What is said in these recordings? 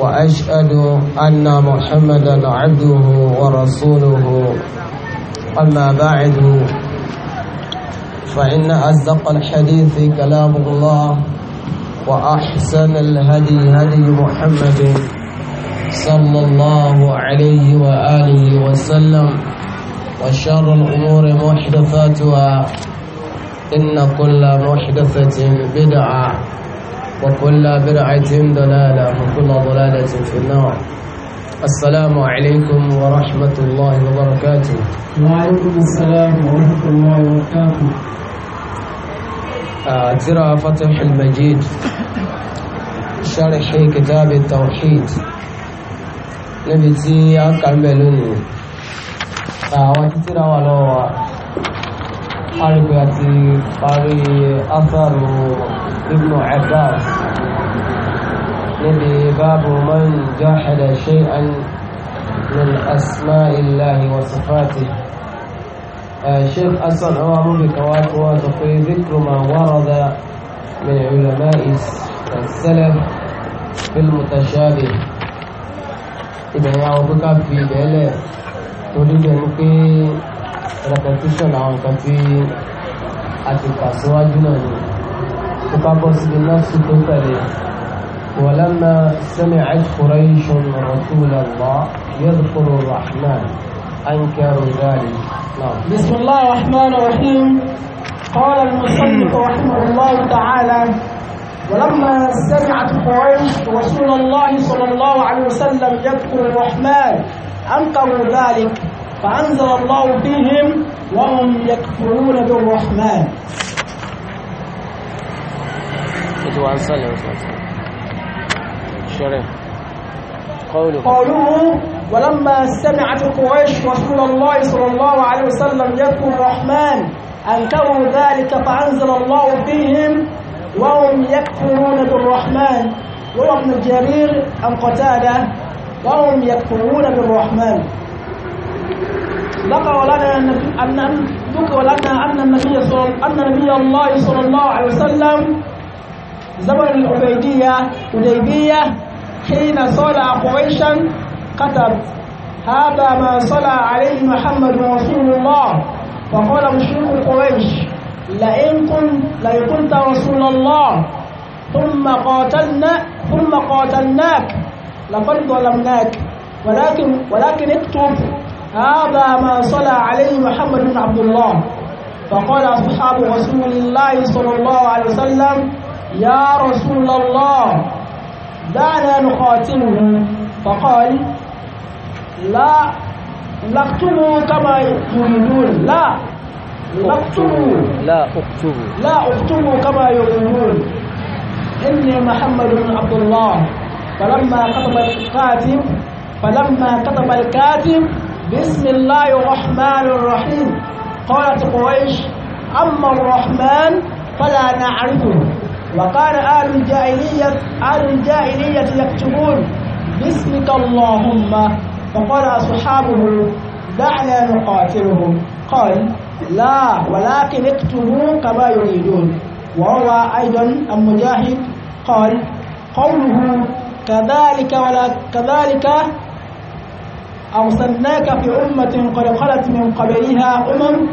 وأشهد أن محمدا عبده ورسوله أما بعد فإن أصدق الحديث كلام الله وأحسن الهدي هدي محمد صلى الله عليه وآله وسلم وشر الأمور محدثاتها إن كل محدثة بدعة وكل برعة ضلالة وكل ضلالة في النار السلام عليكم ورحمة الله وبركاته وعليكم السلام ورحمة الله وبركاته ترى فتح المجيد شرح كتاب التوحيد níbi tí a kà ń bẹ̀ lónìí àwọn títí ra ابن عباس نبي باب من جحد شيئا من أسماء الله وصفاته آه، شيخ أصلا هو مبكوات وتقي ذكر ما ورد من علماء السلف في المتشابه إذا àwọn في fi ìbẹ̀ẹ́lẹ̀ torí bẹ̀ ní pé repetition àwọn فطبس بالنفس تفرح ولما سمعت قريش رسول الله يذكر الرحمن أنكروا ذلك نعم بسم الله الرحمن الرحيم قال المصنف رحمه الله تعالى ولما سمعت قريش رسول الله صلى الله عليه وسلم يذكر الرحمن أنكروا ذلك فأنزل الله فيهم وهم يكفرون بالرحمن عليه صلى الشريف قوله قوله ولما سمعت قريش رسول الله صلى الله عليه وسلم يذكر الرحمن أنكروا ذلك فأنزل الله فيهم وهم يكفرون بالرحمن روى ابن جرير أم قتادة وهم يكفرون بالرحمن ذكر لنا أن ذكر لنا أن النبي أن الله صلى الله عليه وسلم زمن العبيدية حديبية حين صلى قريشا كتب هذا ما صلى عليه محمد رسول الله فقال مشرك قريش لئن كنت كنت رسول الله ثم قاتلنا ثم قاتلناك لقد ظلمناك ولكن ولكن اكتب هذا ما صلى عليه محمد بن عبد الله فقال أصحاب رسول الله صلى الله عليه وسلم يا رسول الله دعنا نقاتله فقال لا نقتله كما يقولون لا نقتله لا اقتله لا اقتله كما يقولون اني محمد بن عبد الله فلما كتب الكاتب فلما كتب الكاتب بسم الله الرحمن الرحيم قالت قريش اما الرحمن فلا نعرفه وكان أهل الجاهلية أهل الجاهلية يكتبون باسمك اللهم فقال أصحابه دعنا نقاتلهم قال لا ولكن اكتبوا كما يريدون وروى أيضا المجاهد قال قوله كذلك ولا كذلك أرسلناك في أمة قد خلت من قبلها أمم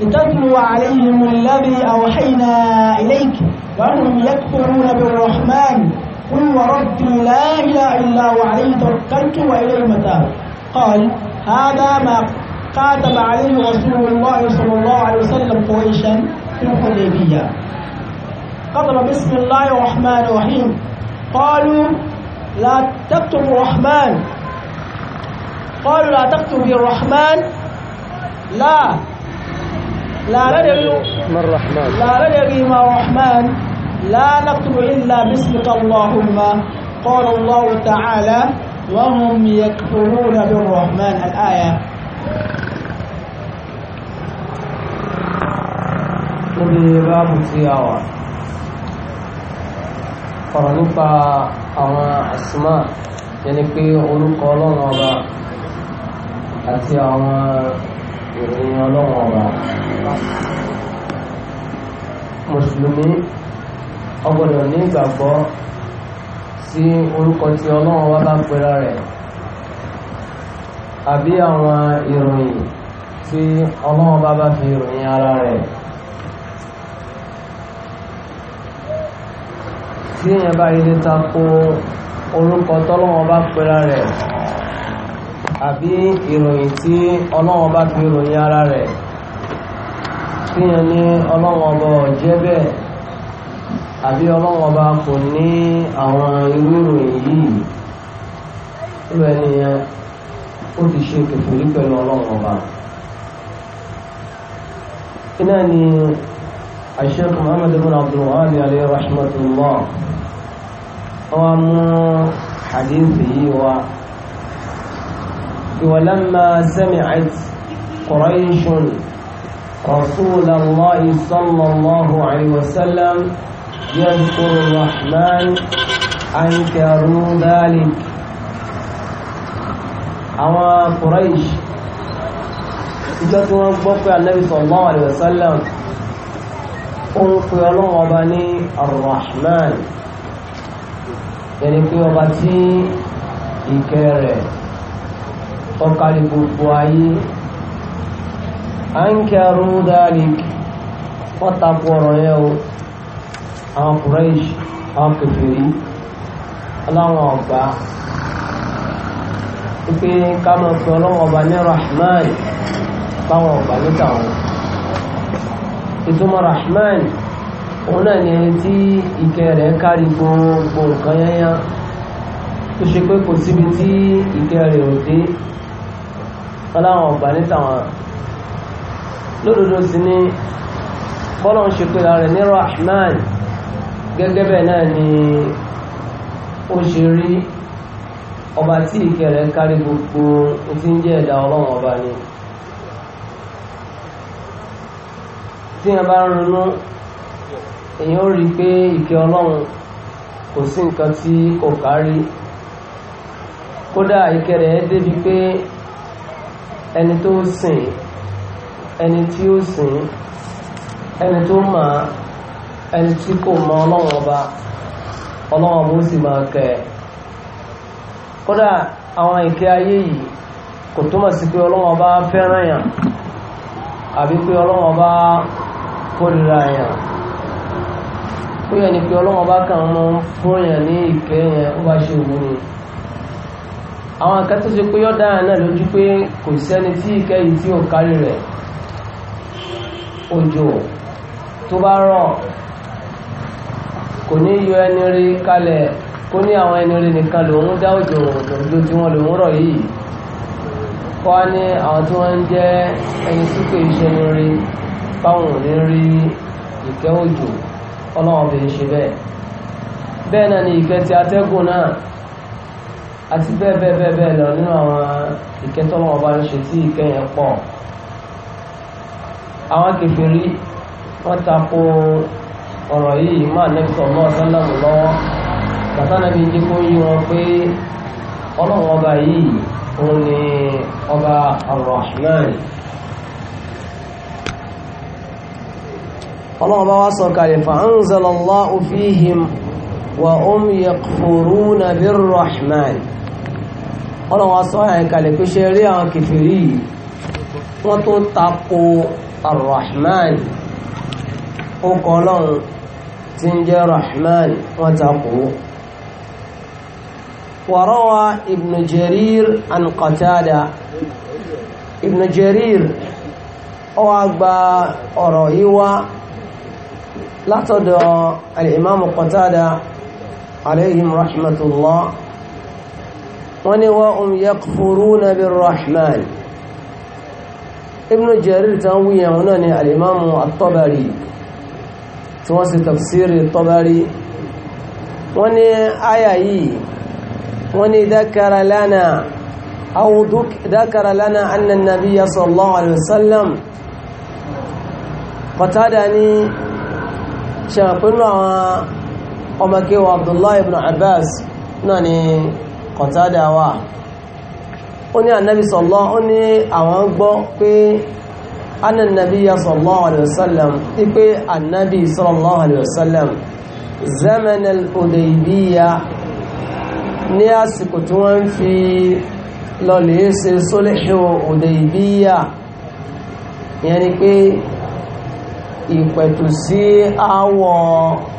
لتتلو عليهم الذي أوحينا إليك وأنهم يكفرون بالرحمن قل وربي لا إله إلا هو عليه توكلت وإليه المتاب قال هذا ما كاتب عليه رسول الله صلى الله عليه وسلم قريشا في الحديبية قضب بسم الله الرحمن الرحيم قالوا لا تكتب الرحمن قالوا لا تكتب الرحمن لا لا ندري ما الرحمن لا ندري ما الرحمن لا نكتب إلا باسمك اللهم قال الله تعالى وهم يكفرون بالرحمن الآية níbi báàbù tí a wà ọ̀rọ̀ nípa àwọn àsìmá yẹni pé orúkọ ọlọ́run ọba àti àwọn ìròyìn ọlọ́wọ́ ọba mùsùlùmí ọgbọ́dọ̀ ní ìgbàgbọ́ sí orúkọ tí ọlọ́wọ́ wa bá pera rẹ̀ àbí àwọn ìròyìn tí ọlọ́wọ́ bá bá fi ìròyìn ara rẹ̀ tí èèyàn bá ilé ta orúkọ bá rẹ̀. àbí ìròyìn tí ọlọ́wọ́n bá fi ròyìn ara rẹ̀ fíyàn ní ọlọ́wọ́n ọba ọ̀jẹ́ bẹ́ẹ̀ àbí ọlọ́wọ́n ọba kò ní àwọn irú ìròyìn yìí níbẹ̀ nìyẹn ó ti ṣe kẹfìrí pẹ̀lú ọlọ́wọ́n ọba. iná ni Sheikh Muhammad ibn Abdul Wahhab alayhi rahmatullah wọ́n mú hadith yìí wá. ولما سمعت قريش رسول الله صلى الله عليه وسلم يذكر الرحمن أنكروا ذلك àwọn Quraysh ìjọ tí wọ́n gbọ́ pé Ànábì sallallahu alaihi wasallam ó ń pè Ọlọ́run ọba ní ar ẹni pé ọba tí ìkẹ́ ọkàlì gbogbo ayé a ń kẹrù dáàlìk wọ́n tapọ̀ ọ̀rọ̀ yẹ o àwọn kùrẹ́ṣì àwọn kèfèrí aláwọn ọ̀gbá wípé ọba ní rahman báwọn ọ̀gbá níta wọn ìtumọ̀ rahman láwọn ọ̀gbà ní tàwọn lódodo sí ní bọ́lọ̀ ṣe pé rẹ̀ ní rahman gẹ́gẹ́ bẹ́ẹ̀ náà ni ó ṣe rí ọba tí ìkẹ́ rẹ̀ kárí gbogbo tí ń jẹ́ ẹ̀dá ọlọ́run ọba ni tí wọ́n bá ń ronú èyàn ó rí i pé ìkẹ́ ọlọ́run kò sí nǹkan tí kò kárí kódà ìkẹ́ rẹ̀ débi pé ẹni tó sìn ẹni tí ó sìn ẹni tó mọ̀ ẹni tí kò mọ ọlọ́wọ́n ọba ọlọ́wọ́n ọba ó sì máa kẹ́ kódà àwọn ìkẹ́ ayé yìí kò túmọ̀ sí pé ọlọ́wọ́n ọba fẹ́ràn yàn àbí pé ọlọ́wọ́n ọba ọba kàn ń fún bá ṣe àwọn akẹ́ tó ṣe pé yọ́ dára náà lójú pé kò sẹ́ni tí ìkẹ́ yìí tí ò kárí rẹ̀ òjò tó bá rọ̀ kò ní yọ ẹni rí kalẹ̀ kó ní àwọn ẹni rí nìkan lòun dá òjò òjò tí wọ́n lòun rọ̀ yìí kọ́ ní àwọn tí wọ́n ń jẹ́ ẹni tí kò ṣe ni rí báwọn ò ní rí ìkẹ́ òjò ọlọ́run fi ṣe bẹ́ẹ̀ bẹ́ẹ̀ náà ni ìkẹ́ ti atẹ́gùn náà àti bẹ́ẹ̀ bẹ́ẹ̀ bẹ́ẹ̀ bẹ́ẹ̀ lọ nínú àwọn ike ọba ń ṣe tí ìkẹyìn pọ̀ àwọn kèfèrí wọ́n tako ọ̀rọ̀ yìí máa nẹ́pítọ̀ náà sálàmù lọ́wọ́ bàtà náà fi jẹ́ kó yí wọn pé ọlọ́run ọba yìí òun ni ọba Ar-Rahman ọlọ́run ọba wa sọ وهم يكفرون بالرحمن ọlọ́run wa sọ àyàn kalẹ̀ pé ṣe rí àwọn kìfìrí wọ́n tó tako arrahman ó kọ ọlọ́run tí ń jẹ́ rahman wọ́n tako wàrọ́wà ibn jarir an ó wá gba ọ̀rọ̀ yìí látọ̀dọ̀ al-imam عليهم رحمة الله ونواء يكفرون بالرحمن ابن جرير تنوي هنا الإمام الطبري تواسي تفسير الطبري وني آية وني ذكر لنا أو ذكر لنا أن النبي صلى الله عليه وسلم قتادني شاقنا ọmọ kéwà abdullahi ibn abbas náà ni kọ̀tádà wà ó ní ànábì sọ̀lọ́ ó ní àwọn gbọ́ pé annabi ya sallallahu alaihi wasallam ipe annabi sallallahu alaihi wasallam zaman al-udaybiya ní àsìkò tí wọ́n ń fi lọlẹ̀ ṣe sólẹ́ṣẹ́ Hudaybiya pé ìpẹ̀tù sí àwọ̀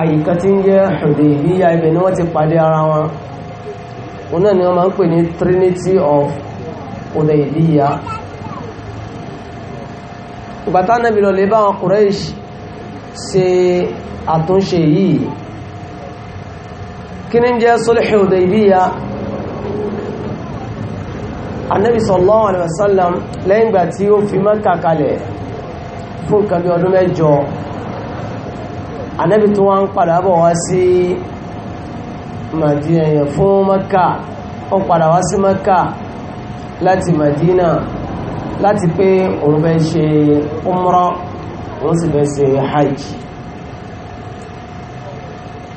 àyíká tí ń jẹ́ Hudaybiya ibẹ̀ ni wọ́n ti pàdé ara wọn òun náà ni wọ́n máa ń pè ní Trinity of Hudaybiya ìgbàtà náà bí lọ lè bá wọn Quraysh ṣe àtúnṣe yìí kí ní jẹ́ Sulhu Hudaybiya annabi sallallahu alaihi wasallam lẹ́yìn gbà tí ó fi Mákà kalẹ̀ fún nǹkan ọdún mẹ́jọ ànábì tó wá ń padà bọ̀ wá sí Madina yẹn fún Mẹ́kà ó padà wá sí Mẹ́kà láti Madina láti pé òun fẹ́ ṣe umrah òun sì fẹ́ ṣe hajj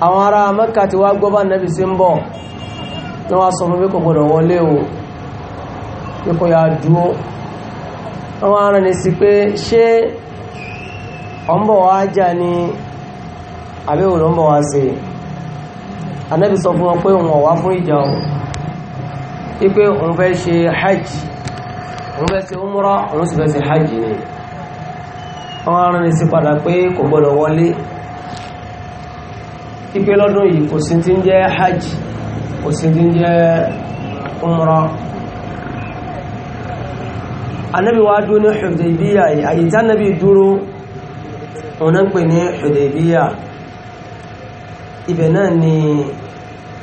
àwọn ará Mẹ́kà ti wá gbọ́ bá sí ń bọ̀ ní wá sọ fún bí kò gbọdọ̀ wọlé o pé kò yá dúró àwọn ará ni sí pé ṣé ọmọ wájà ni àbí òun ló ń wá sí i sọ fún wọn pé òun ọ̀wá fún ìjà o wípé òun fẹ́ ṣe hajj òun fẹ́ ṣe umra òun sì fẹ́ ṣe hajj ni wọ́n á rán sí padà pé kò gbọ́dọ̀ wọlé lọ́dún yìí kò sí ti ń jẹ́ hajj kò sí ti ń jẹ́ umra dúró ní yìí àyíká dúró òun náà ń pè ní ibẹ̀ náà ni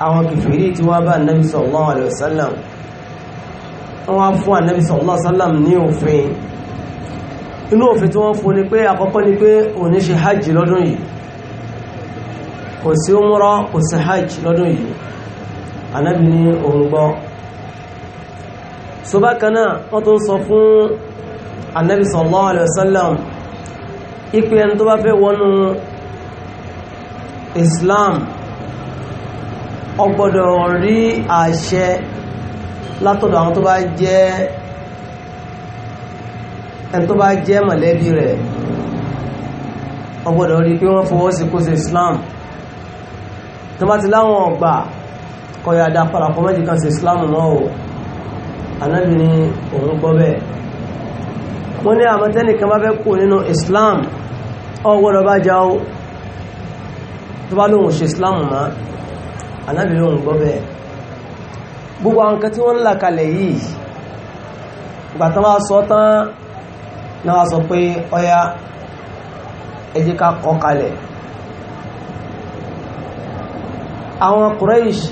àwọn kìfìrí tí wọ́n bá nàbí sallallahu alaihi wasallam wọ́n fún ànàbí sallallahu alaihi wasallam ní òfin inú òfin tí wọ́n fún ni pé àkọ́kọ́ ni pé ò ní ṣe hajj lọ́dún yìí kò sí umra kò sí hajj lọ́dún yìí ànàbí ní òun gbọ́ so bákanáà wọ́n tún sọ fún ànàbí sallallahu alaihi ẹni tó bá fẹ́ wọnú Islam ó gbọ́dọ̀ rí àṣẹ látọ̀dọ̀ àwọn tó bá jẹ́ ẹni tó bá jẹ́ mọ̀lẹ́bí rẹ̀ ó rí pé wọ́n fọwọ́ sí kó Islam tó bá ti láwọn ọgbà kọ̀yà dá parapọ̀ méjì kan sí Islam mọ́ o anábì ni òun gbọ́ bẹ́ẹ̀ wọ́n ní àmọ́tẹ́nìkan bá fẹ́ kú nínú Islam ó gbọ́dọ̀ bá jáwó tó bá lóhun ṣe islam ma anábì lóhun gbọ́ bẹ́ẹ̀ gbogbo àwọn kan tí wọ́n ń là kalẹ̀ yìí ìgbà tán wá sọ tán náà wá sọ pé ọya ẹ jẹ́ ká kọ́ kalẹ̀ àwọn Quraysh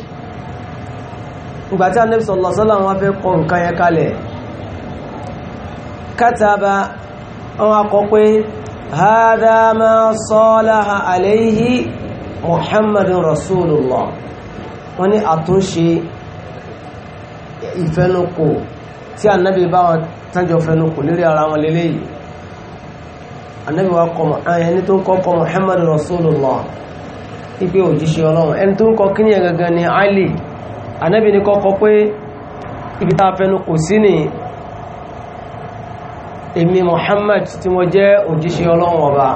ìgbà tí anábì sallallahu alaihi fẹ́ kọ nǹkan yẹn kalẹ̀ kátàbà wọn akọ pé hádàmà sọ́lá àlẹ́yìí muhammadu rasulullah wọ́n ní àtúnṣe ìfẹnukò tí ànábì bá wọn tánjọ fẹnukò lérí ara wọn lélẹ́yìí ànábì wa kọ ẹni tó ń kọ́ kọ muhammadu rasulullah ipe òjíṣẹ́ ọlọ́run ẹni tó ń kọ kíní ẹ̀gangan ni ali ànábì ní kọ́kọ́ pé ibi tá a fẹnukò sí ni èmi muhammad tí mo jẹ́ òjíṣẹ́ ọlọ́run ọba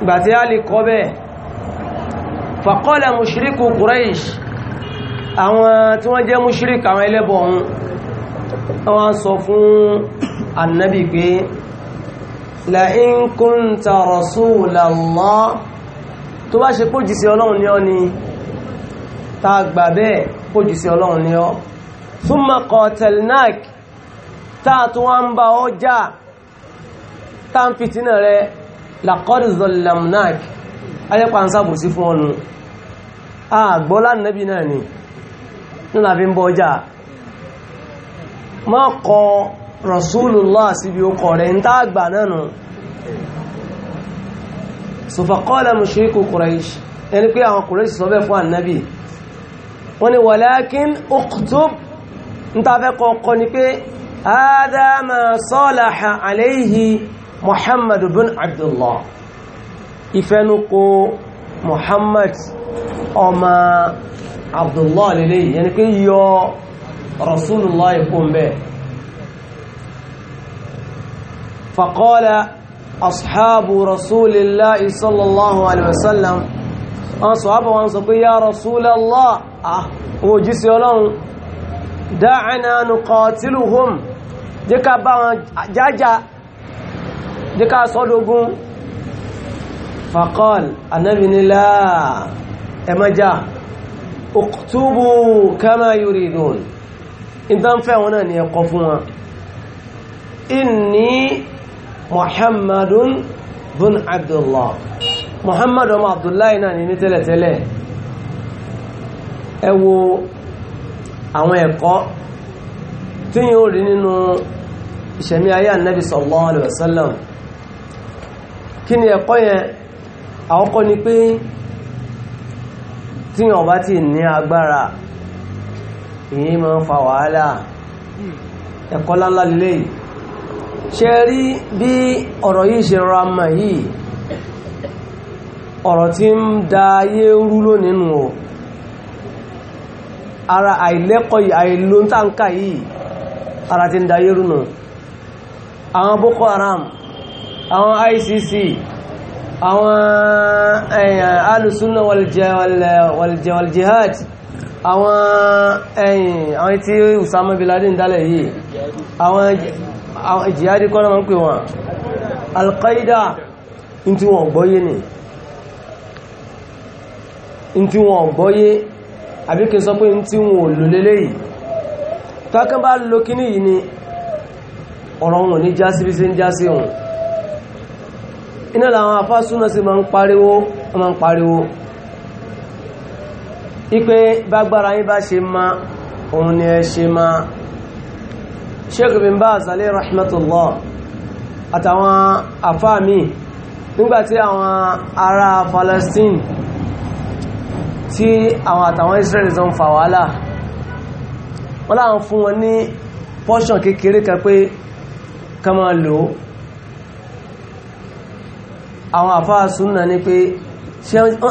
ìgbà ali kọ́ bẹ́ẹ̀ fàkọ́lẹ̀ mùṣíríkù Quraish àwọn tí wọ́n jẹ́ mùṣíríkù àwọn ẹlẹ́bọ̀ ọ̀hún wọ́n sọ fún annabi pé la'in kunta rasulallah tó bá ṣe pójìsí ọlọ́run ní ọ ni ta gbà bẹ́ẹ̀ pójìsí ọlọ́run ní ọ thumma qatalnak táà tó wá ń bá ọ já ayẹ́pàá ń sábòsí fún ọnù àgbọ́lá ah, nẹ́bí náà ni nílà fi ń bọ́ ọjà má kọ Rasulullah síbi okọ̀ rẹ̀ ń tàgbà náà nù sọfàkọ́lá mushriku Quraysh ẹni pé àwọn Quraysh sọ bẹ́ fún ànẹ́bí wọ́n ni walakin uktub ń tàfẹ́ kọ́kọ́ ni pé ádámà salaha alayhi Muhammadu bin Abdullah ìfẹ́nukọ́ Muhammad ọmọ Abdullah lélẹ̀ yìí yẹni pé yọ Rasulullah ikún bẹ́ẹ̀ faqala ashabu Rasulillah sallallahu alaihi wasallam wọ́n sọ ábọ̀ wọn sọ pé ya Rasulallah ah òjísí ọlọ́run dáàna nuqatiluhum jẹ́ ká bá wọn jájá jẹ́ sọ́dọ̀gún fàkọ́l anábìnilá ẹmọ́já òkútúbù kama yuridun ìdánfẹ́ wọn náà ni ẹkọ fún wọn inni muhammadun bin abdullah muhammadu ọmọ abdullahi náà ni ní tẹ́lẹ̀tẹ́lẹ̀ ẹ wo àwọn ẹ̀kọ́ tí yíò rí nínú ìṣẹ̀mí ayé annabi sallallahu alaihi wasallam kí ni ẹ̀kọ́ yẹn àwọn kọ́ ni pé tíyàn bá ti ní agbára èyí ma ń fa wàhálà ẹ̀kọ́ lálá lílé yìí ṣe rí bí ọ̀rọ̀ yìí ṣe rọra mọ̀ yìí ọ̀rọ̀ tí ń da ayé rú lónìí nù o ara àìlẹ́kọ̀ọ́ yìí àìlóńtàǹkà yìí ara ti ń da ayé rú nù àwọn Boko Haram àwọn ICC àwọn ẹ̀yàn alùsúnà wàljihad àwọn ẹ̀yìn eh, àwọn tí Usama bin Laden dálẹ̀ yìí àwọn jihadi kọ́nà ma ń pè wọn Al-Qaeda in tí wọ́n gbọ́yé ni in tí wọ́n gbọ́yé àbíkẹ́ sọ pé in tí wọ́n lò lélẹ́ yìí tọ́kẹ́ bá lókíní yìí ni ọ̀rọ̀ wọn ní jásí bí sí ń jásí wọn iná làwọn afásúná sí máa ń pariwo máa ń pariwo ipe bágbára yín bá ṣe ma òun ni ẹ ṣe ma Sheikh bin Baz alayhi rahmatullah àtàwọn afáàmì nígbàtí àwọn ará Palestine tí àwọn àtàwọn Israel zan fà wàhálà wọ́n láwọn fún wọn ní portion kékeré kan pé ká máa àwọn àfáà súnnà ní pé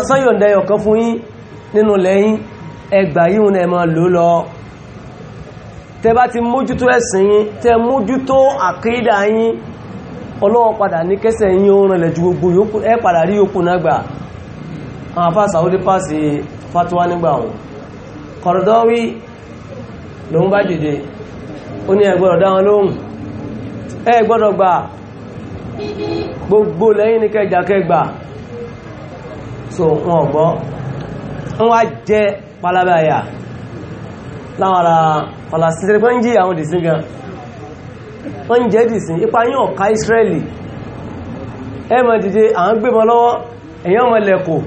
sọ́yọ̀ndẹ̀ ọ̀kan fún yín nínú lẹ́yìn ẹgbà yíò náà máa lò lọ tẹ bá ti mójútó ẹ̀sìn yín tẹ mójútó àkídà yín ọlọ́wọ́ padà ní kẹsẹ̀ yín ó rìnlẹ̀ ju gbogbo yòókù ẹ padà rí yòókù náà gbà àwọn àfáà sàwọ́dé pàṣẹ fatuwa nígbà wọn Qaradawi lòun bá dá wọn lóhùn ẹ gbọ́dọ̀ gbogbo lẹ́yìn ní kẹjàkẹgbà so wọn gbọ́ wọn wá jẹ́ palabaya láwọn ara palasitiri pé ń jí àwọn dìsín gan wọ́n jẹ́ dìsín ipa yíò ká Israeli ẹ mọ̀ dìde à ń lọ́wọ́ èyàn mọ̀ lẹ́kọ̀ọ́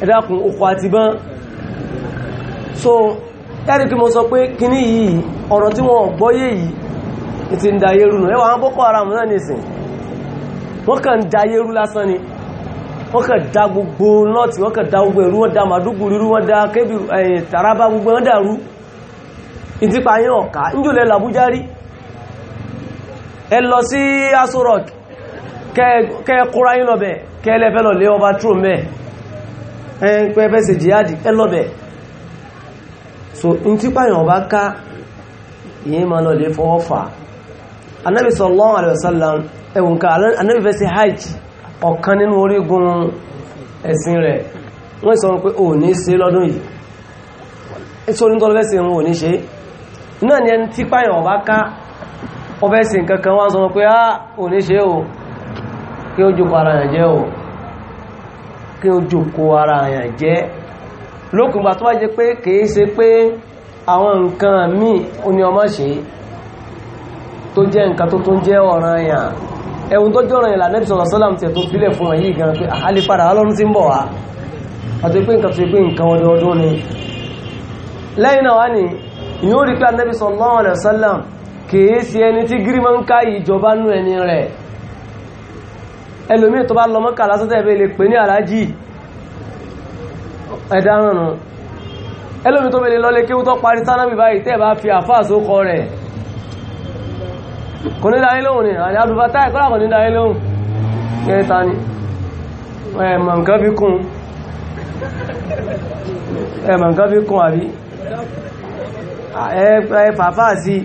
ẹ okò àti bán so ẹ́rì kí mo sọ pé kíní yìí ọ̀rọ̀ tí wọ́n gbọ́yé yìí ti ń da yẹ́rù ẹwà àwọn Boko Haram náà nìsìn wọ́n kàn da yẹ́rú lásán ni wọ́n kàn da gbogbo nọ́ọ̀tì wọ́n kàn da gbogbo ẹ̀rú wọ́n da màdúgbùrú rú wọ́n da kébì eh, tàràbà gbogbo wọ́n dàrú ìtìpa yẹn ọ̀ká níjòlẹ̀ làbújá rí ẹ lọ sí Aso Rock kẹ kóra yín lọ́bẹ̀ kẹ lọ lé ọba tró ẹ ń so ìtìpa yẹn ọba ká ìyẹn máa lọ lè fọwọ́ fà anabi sallallahu alayhi wa sallam ẹ̀wùn ká anabi fẹ́ sí hajj ọ̀kan nínú orígun ẹ̀sìn rẹ̀ wọ́n sọ pé o ní ṣe lọ́dún yìí ètò orí tọ́lọ́fẹ́ sí ni ẹni tí páyàn ọba ká sí nkankan wọ́n sọ pé a ah, ò ní ṣe o kí o jòkó ara yàn jẹ́ o kí o jòkó ara yàn jẹ́ lókùnbà tó wá jẹ́ pé kìí ṣe pé àwọn nǹkan míì ó tó jẹ́ nǹkan tó tún jẹ́ ọ̀ràn yàn ẹ̀hùn tó jọ́ràn ìlànà Ànábì sallallahu alaihi wasallam tẹ̀ tó filẹ̀ fún ẹ̀yí gan pé àlèpadà ọlọ́run ti ń bọ̀ wá àti pé nǹkan tó pé nǹkan ọdọọdún ni lẹ́yìn náà wá ní ìyóò rí pé Ànábì sallallahu alaihi wasallam kìí sí ẹni tí gírímọ̀ ń ká ìjọba nú ẹni rẹ̀ ẹlòmíì tó kò ní dáyé lóhùn ni àti adùbátá ìkọ́lá kò ní dáyé lóhùn ẹ̀ta ni ẹ̀mọ̀ nǹkan fi kún ẹ̀mọ̀ nǹkan fi kún àbí ẹ̀ fàfà sí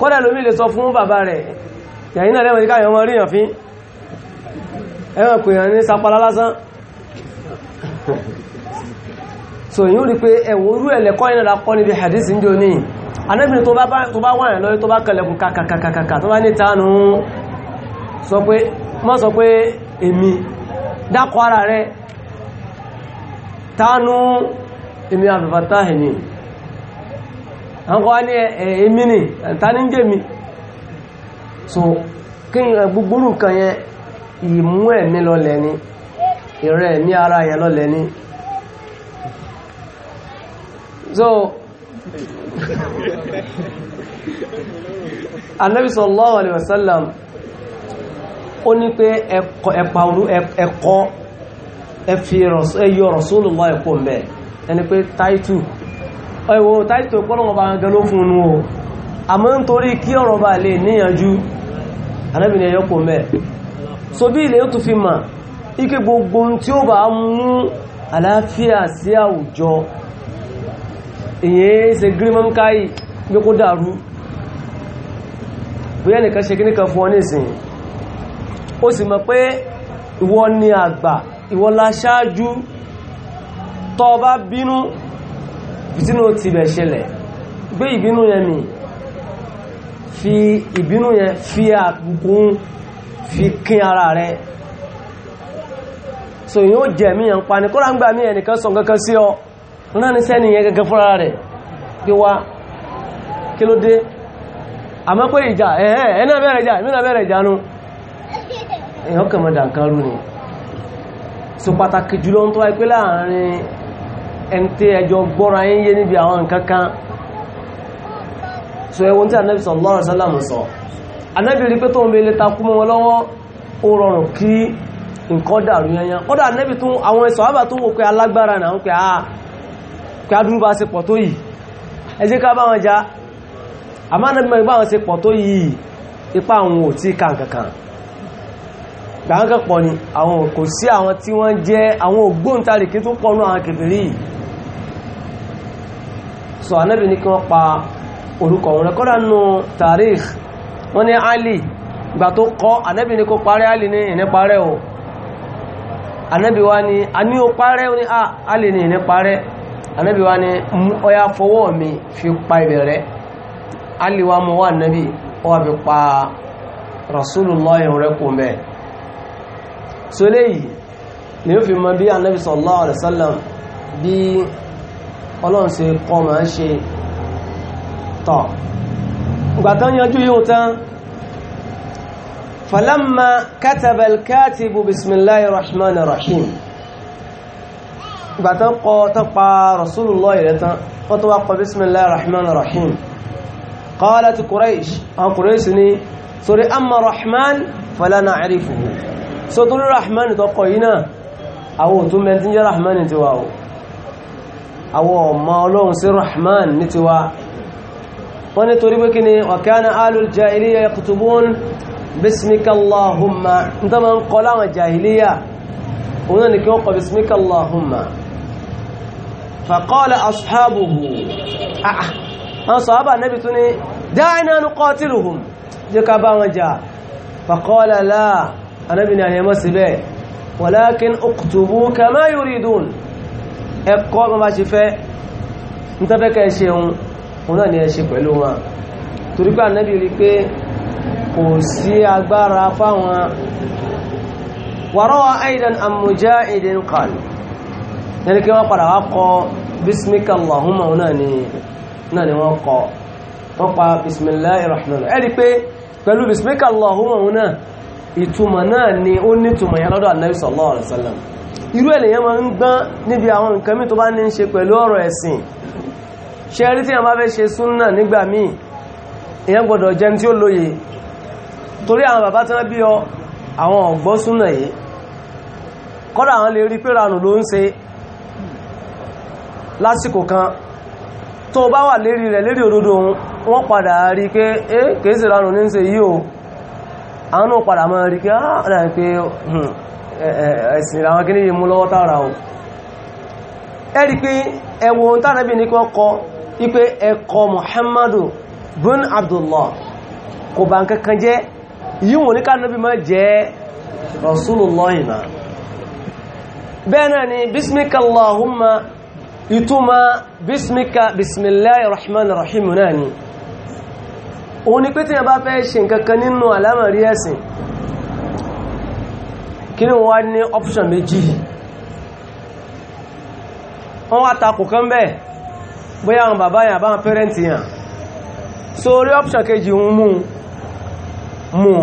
kọ́dà lómi lè sọ fún bàbá rẹ̀ yàyí náà lẹ́wọ̀n káyọ̀ ọmọ ríyàn fi ẹ̀wọ̀n pè yàn ní sapala lásán so yíò rí pé ẹ̀wọ̀ orú ẹ̀lẹ́kọ́ ìnàdà kọ́ níbi hadith ń jò níyìn anábìnrin tó bá wáyàn lórí tó bá kẹlẹ̀kù kàkàkàkà tó bá ní tánú mọ́ sọ pé èmi dákọ̀ ara rẹ̀ tánú èmi àbàbàtà ẹ̀ni àwọn wá ni tání ń so kí gbogbo nǹkan yẹn ìmú ẹ̀mí lọlẹ̀ ni ìrẹ́ ara lọlẹ̀ ni so annabi sallallahu alaihi wasallam oni pe epawru eko e fi ros e yo rasulullah ko nbe eni pe title e wo title ko lo ba galo funu o aman tori ki oro ba le niyanju annabi ne yo ko nbe so bi le ma ike gbogbo nti o ba mu alafia si awujo ìyẹn ṣe gírímọ̀ káyì bí kó dàrú bóyá nìkan ṣe kíníkan fún ọ ní ìsìn ó sì mọ̀ pé ìwọ ni àgbà ìwọ láṣáájú tọ́ bá bínú ìtínú ti bẹ̀ ṣẹlẹ̀ gbé ìbínú yẹn mi fi ìbínú yẹn fi àkùnkùn fi kín ara rẹ̀ so yóò jẹ̀mí yẹn pa ní kó rà mí ẹnìkan sọ kankan sí ọ náà ní sẹ́ni yẹn gẹ́gẹ́ fúnra rẹ̀ kí wá kí ló dé àmọ́ pé ìjà ẹ̀ẹ́ ẹ̀nà bẹ̀rẹ̀ ìjà ìmìnà bẹ̀rẹ̀ ìjà nú èyàn kẹmọ̀ dànkanrú ni so pàtàkì jùlọ ń tó wáyé pé láàrin ẹntẹ ẹjọ gbọ́ra yín yé níbi àwọn nǹkan so ẹwọ́n tí anábì sallallahu sọ nǹkan dàrú tún àwọn wò pé alágbára náà ń pè á pé adúrú bá ṣe pọ̀ tó yìí ẹ jẹ́ ká bá wọn já àmánàbímọ̀ ìgbà wọn ṣe pọ̀ tó yìí ipá àwọn ò tí kàǹkankan gbàǹkan ni àwọn kò sí àwọn tí wọ́n jẹ́ àwọn ògbóǹtarìkì tó pọ̀ nú àwọn kèfèrí pa orúkọ òun rẹ̀kọ́dà nù Ali ìgbà tó kọ́ anábì ní kó Ali ní ìní parẹ́ o anábì wá ní a ní ó parẹ́ ó ní Ali ní ìní parẹ́ anabi wa ni ọya fọwọ́ mi fi pa ibẹ̀ rẹ̀ aliwa mu wa anabi ọwa fi pa rasulullah rẹ̀ kò mẹ́ so léyìí ni ó fi mọ bí anabi sallallahu alaihi wasallam bí ọlọ́run ṣe kọ́ máa ń ṣe tọ̀ gbàtán yanjú yíò tán falamma katabal katibu bismillahir rahmanir rahim ìgbà tán kọ tán pa Rasulullah rẹ̀ tán wọ́n tó wá kọ bismillah rahman rahim qalat Quraysh àwọn Quraysh ni sori amma rahman fala na'rifuhu so tó rí rahman tó kọ yìí náà àwọn òtún mẹ́ tí ń jẹ́ rahman ní tiwa o àwọn ọmọ ọlọ́run sí rahman ní tiwa wọ́n ni torí pé ni wa alul jahiliya yaktubun bismika allahumma ń tọ́ ma ń kọ́ láwọn jahiliya òun ni kí wọ́n kọ bismika faqala ashabuhu àwọn sọ̀hábà nẹ́bí tún ní da'na nuqatiluhum jẹ́ ká bá wọn jà faqala la anábì ní àyẹ̀mọ́ síbẹ̀ walakin uqtubu kama yuridun ẹ̀kọ́ wọn bá ṣe fẹ́ nítọ́fẹ́kẹ́ ṣe ohun òun náà ni ẹ ṣe pẹ̀lú wọn torí pé ànábì rí pé kò sí agbára fáwọn warawa aidan an mujahidin qala yẹni kí wọ́n padà wá kọ bísmíkà Allahumma náà ni náà ni wọ́n kọ wọ́n pa bismillahi rahman ẹ̀ rí pé pẹ̀lú bísmíkà Allahumma náà ìtumọ̀ náà ni ó ní ìtumọ̀ yẹn lọ́dọ̀ Ànábì sallallahu alaihi wasallam irú ènìyàn máa ń gbọ́n níbi àwọn nǹkan mi tó bá ní í ṣe pẹ̀lú ọ̀rọ̀ ẹ̀sìn yìí kọ́dà àwọn lè rí pé ranù ló ń ṣe lásìkò kan tó bá wà lérí rẹ̀ lérí òdodo wọ́n padà rí pé eh kèése lánàá ní ṣe yíò àwọn náà padà máa rí pé ah, ààrẹ pé hmm, ẹ̀sìn àwọn kí ní yìí mú lọ́wọ́ tààrà o ẹ̀rí pé ẹwọ tààrẹ́bì ní kọ́ ipé ẹkọ Muhammadu bin Abdullah kò bá kankan jẹ́ yíwọ̀n ní kánàbì máa jẹ́ Rasulullah bẹ́ẹ̀ náà ni bismika ìtumọ̀ bísmíkà bismillahi rahman rahim náà ni òun ni pé tí a bá fẹ́ ṣe nkankan nínú alámàrí ẹ̀sìn kí ni wọ́n ní option méjì wọ́n wá takò kan bẹ́ẹ̀ bóyá àwọn bàbá yàn àbáwọn pẹ́rẹ́ntì yàn so orí option kejì ń mú mú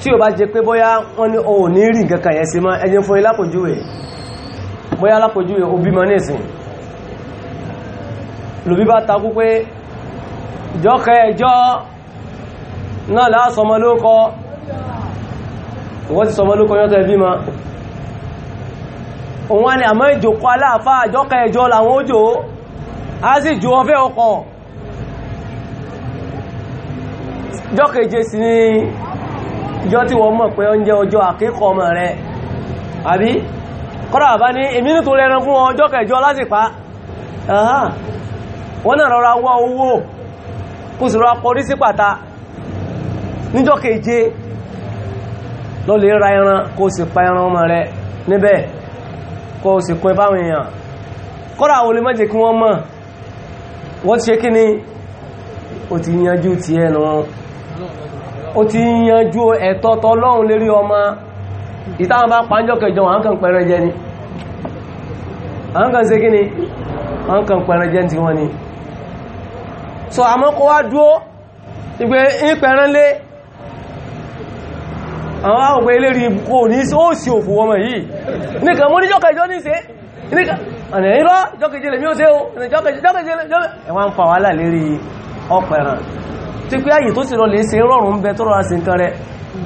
tí o bá jẹ pé bóyá wọ́n ní o ò ní rí nkankan yẹn sí mọ́ ẹjẹ́ fún ilápòjúwèé bóyá alápòjú òbí mọ́ nísìn lòbí bá takú pé ìjọ́kẹ́ ẹjọ́ náà lásọmọ lóókọ wọ́n ti sọmọ lóókọ yọ́tọ̀ ẹbí ma òun wá ní àmọ́ ìjòkó aláàfá àjọ́kẹ́ ẹjọ́ làwọn ó jò á sì jò ọfẹ́ ọkọ̀ jọ́kẹ̀ẹ́jẹ́ sí ní ìjọ́ kọra àbá ní èmi nítorí ẹran ọjọ́ kẹjọ láti pa wọ́n náà rọra wọ́ owó kò sì rọra kọrí sí pàtà níjọ́ keje lọ lè ra ẹran kò sì pa ẹran ọmọ rẹ níbẹ̀ kò sì pín èèyàn mọ́jẹ̀ kí wọ́n mọ̀ wọ́n ti ṣe kí ni ti yanjú ti ẹnu ti yanjú lérí ọmọ ìtàwọn bá pàájọ́ kẹjọ àwọn kan pẹ̀rẹ̀ jẹ ni àwọn kan ṣe kí ni àwọn kan pẹ̀rẹ̀ jẹ ti wọ́n ni so àmọ́ kó wá dúó ìgbé ìpẹ̀rẹ̀ lé àwọn àwògbé ilérí kò ní ó sì òfò wọ́mọ̀ yìí nìkan mú ní jọ́kẹjọ́ ní ṣe ọ̀nà ìrọ́ jọ́kẹjẹ́ lèmi ó ṣe o jọ́kẹjẹ́ ẹ̀wọ́n ń fa wàhálà lérí ọpẹ̀ràn tí pé àyè tó sì rọ lè ṣe rọrùn bẹ́ẹ̀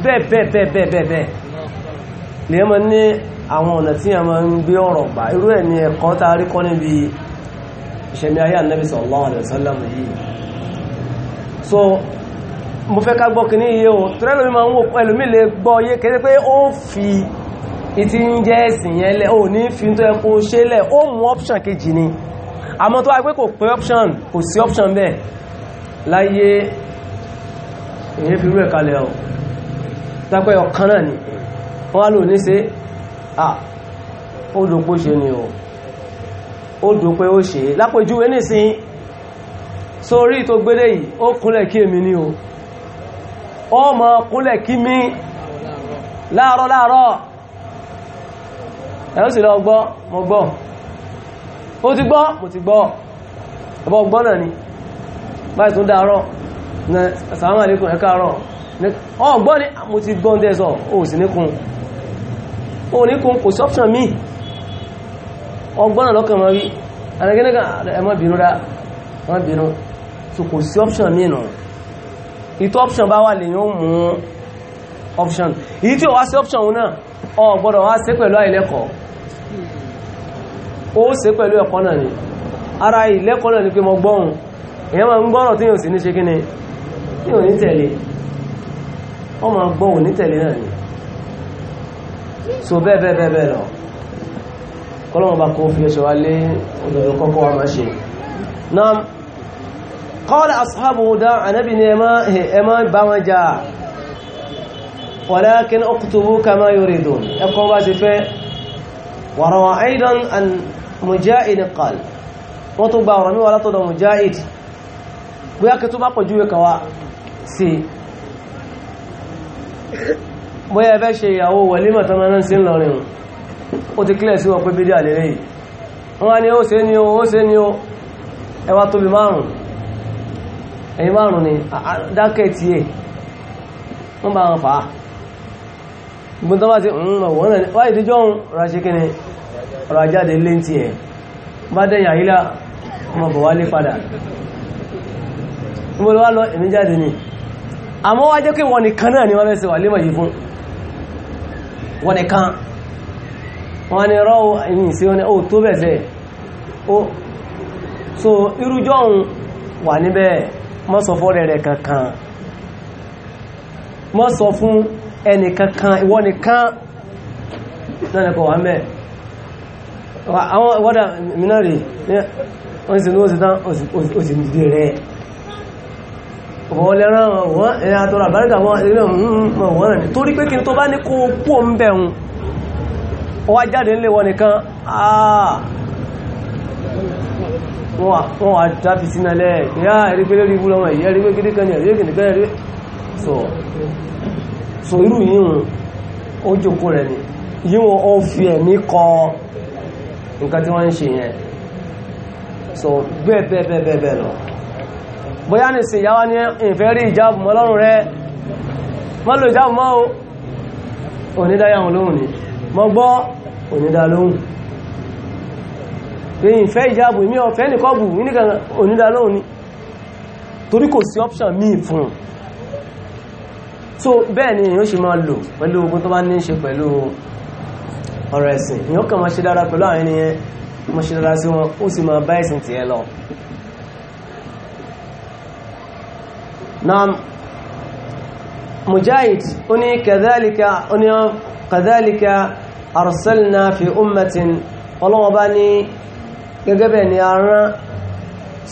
bẹ́ẹ̀ bẹ́ẹ̀ bẹ́ẹ̀ bẹ́ẹ̀ lè mọ́ ní àwọn ọ̀nà tí a máa ń gbé ọ̀rọ̀ gbà irú ẹ̀ ní ẹ̀kọ́ tá rí kọ́ níbi ìṣẹ̀mí ayé ànábì sallallahu so mo fẹ́ ká gbọ́ kìíní iye o tó rẹ́lùmí máa ń wò ẹlùmí lè gbọ́ yé kéde pé ó ń fi ìtí ń jẹ́ ẹ̀sìn yẹn lẹ́ ò ní fi tó ẹkùn ṣe lẹ̀ ó mú option kejì ni àmọ́ tó wá pé kò pé option kò sí option bẹ́ẹ̀ láyé èyí fi rú ẹ̀kalẹ̀ ọ̀ tápẹ́ ọ̀kan náà ni wọ́n wá lò ní ṣe à ó dùn ṣe ni o ó dùn pé ó ṣe lápòjúwe nísìn sórí tó gbélé yìí ó kúnlẹ̀ kí èmi ni o ó mọ̀ kúnlẹ̀ kí mi láàárọ̀ láàárọ̀ ẹ̀ ó sì lọ gbọ́ mo gbọ́ ó ti gbọ́ mo ti gbọ́ ọ̀bọ̀ gbọ́ náà ni báyìí tó dáárọ̀ na assalamu alaikum ẹ̀kàárọ̀ ọ̀gbọ́ ni mo ti gbọ́ ń tẹ́sọ̀ ó sì níkun òun ní kún kò sọ́pṣàn mí ọgbọ́n lọ́kàn mọ́ rí alẹ́gẹ́nẹ́gà ẹmọ́ bínú rá wọ́n bínú so kò sí option mí nù ìtọ́ option bá wà lè yóò mú option èyí tí ó wá sí option òun náà ọ gbọ́dọ̀ wá sí pẹ̀lú àìlẹ́kọ̀ọ́ ó sí pẹ̀lú ẹ̀kọ́ ni ara ìlẹ́kọ̀ọ́ náà ni pé mo gbọ́hùn èyàn máa ń gbọ́rọ̀ ni tí yóò ní tẹ̀lé ọ máa náà ni so bẹ́ẹ̀ bẹ́ẹ̀ bẹ́ẹ̀ bẹ́ẹ̀ lọ kọ́lọ́mọ̀ bá kó fi ẹsẹ̀ wá lé òdòdó kọ́kọ́ wa máa ṣe náà kọ́lá asáàbò dá ànábì ní ẹmá bá wọn jà walakin uqtubu kama yuridun ẹkọ́ bá ti fẹ́ wàrọ̀wà aidan an mujahid qal wọ́n tó gba ọ̀rọ̀ wà látọ̀dọ̀ mujahid bóyá kí tó bá pọ̀jú wẹ́ kàwá sí bóyá ẹfẹ́ ṣe ìyàwó wẹ̀límọ̀ tó máa ń sí lọrin ó ti kílẹ̀ sí wọn pé bídí àlèrè yìí wọ́n ni ó ṣe ni ó ṣe ni ó ẹwà tóbi márùn ẹ̀yìn márùn ni dákẹ́ẹ̀tì ẹ̀ wọ́n bá wọn fà á gbogbo tó bá ti ń mọ̀ wọ́n rẹ̀ wáyé ìdíjọ́ ń ra ṣe kíni ọ̀rọ̀ ajáde lé ti ẹ̀ bá dẹ̀yìn àyílá ọmọ bọ̀ wálé padà gbogbo wá lọ èmi jáde ni àmọ́ wá jẹ́ wọn nìkan náà ni wọ́n fẹ́ ṣe wà lémọ̀ yìí fún wọ́n nìkan wọ́n ni rọ́ ìyìn sí wọn ni ó tó bẹ̀ẹ̀sẹ̀ ó so irújọ́ òun wà níbẹ̀ mọ́ sọ fún rẹ̀ kankan mọ́ sọ fún ẹnì kankan ìwọ nìkan náà nìkan wà mẹ́ àwọn wọ́dà mìíràn rè wọ́n sì ní ó sì tán ó wọ́n lè rán wọ́n ẹ̀yà àtọ́rọ̀ àbáríkà wọ́n ilé wọ́n rẹ̀ torí pé kí n tó bá ní kó pò ń bẹ̀rún ọwá jáde nílé wọn nìkan wọ́n wà dáfi sínú alẹ́ ìyá ẹ̀rí pé lórí ìyá ẹ̀rí pé kan ní ẹ̀rí kìnnì kan ẹ̀rí so irú yíhun ó jòkó rẹ̀ ni yíhun ó fi ẹ̀mí kọ nǹkan tí wọ́n ń ṣe yẹn so bẹ́ẹ̀ bẹ́ẹ̀ bẹ́ẹ̀ bẹ́ẹ̀ lọ bóyá ní sí ìyáwá ní ìfẹ́ rí ìjáàbù mọ́ lọ́rùn rẹ mọ́ lò ìjáàbù mọ́ onídáyàwó lóhùn ní mọ́ gbọ́ onídá lóhùn pé ìfẹ́ ìjáàbù ìmí ọ̀fẹ́ nìkọ́bù onídá lóhùn ní torí so bẹ́ẹ̀ ni èyàn ṣe máa lò pẹ̀lú ogun tó bá ní ṣe pẹ̀lú ọ̀rọ̀ ẹ̀sìn èyàn kàn máa ṣe dára pẹ̀lú àwọn ènìyàn máa ṣe dára sí wọn ó sì máa bá ẹ̀sìn tiẹ̀ lọ نعم مجاهد أني كذلك أني كذلك أرسلنا في أمة الله باني gẹ́gẹ́bẹ̀ ni a rán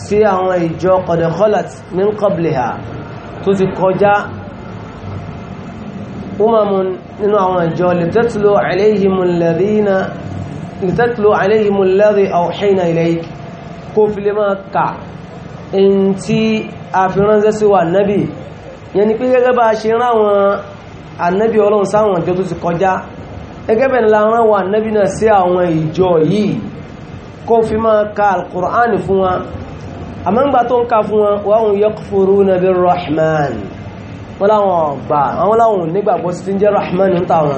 sí àwọn ìjọ kọ̀dẹ̀kọ́lat min qabliha tó ti kọjá umamun nínú àwọn ìjọ litatlu alayhimul ladhi awhayna ilayk kó fi lè máa ka in tí àfiránṣẹ́ sí wa nábì yẹn ni pé gẹ́gẹ́ bá ṣe rán àwọn ànábì ọlọ́run sáwọn ìjọ tó ti kọjá gẹ́gẹ́ bẹ̀rẹ̀ la rán wa nábì náà sí àwọn ìjọ yìí kó fi máa ka alkùrán fún wa àmọ́ ń gbà tó ń ka fún wa wa hum yakfuruna bir rahman wọ́n láwọn ọ̀gbà àwọn láwọn nígbàgbọ́ rahman ń tàwọn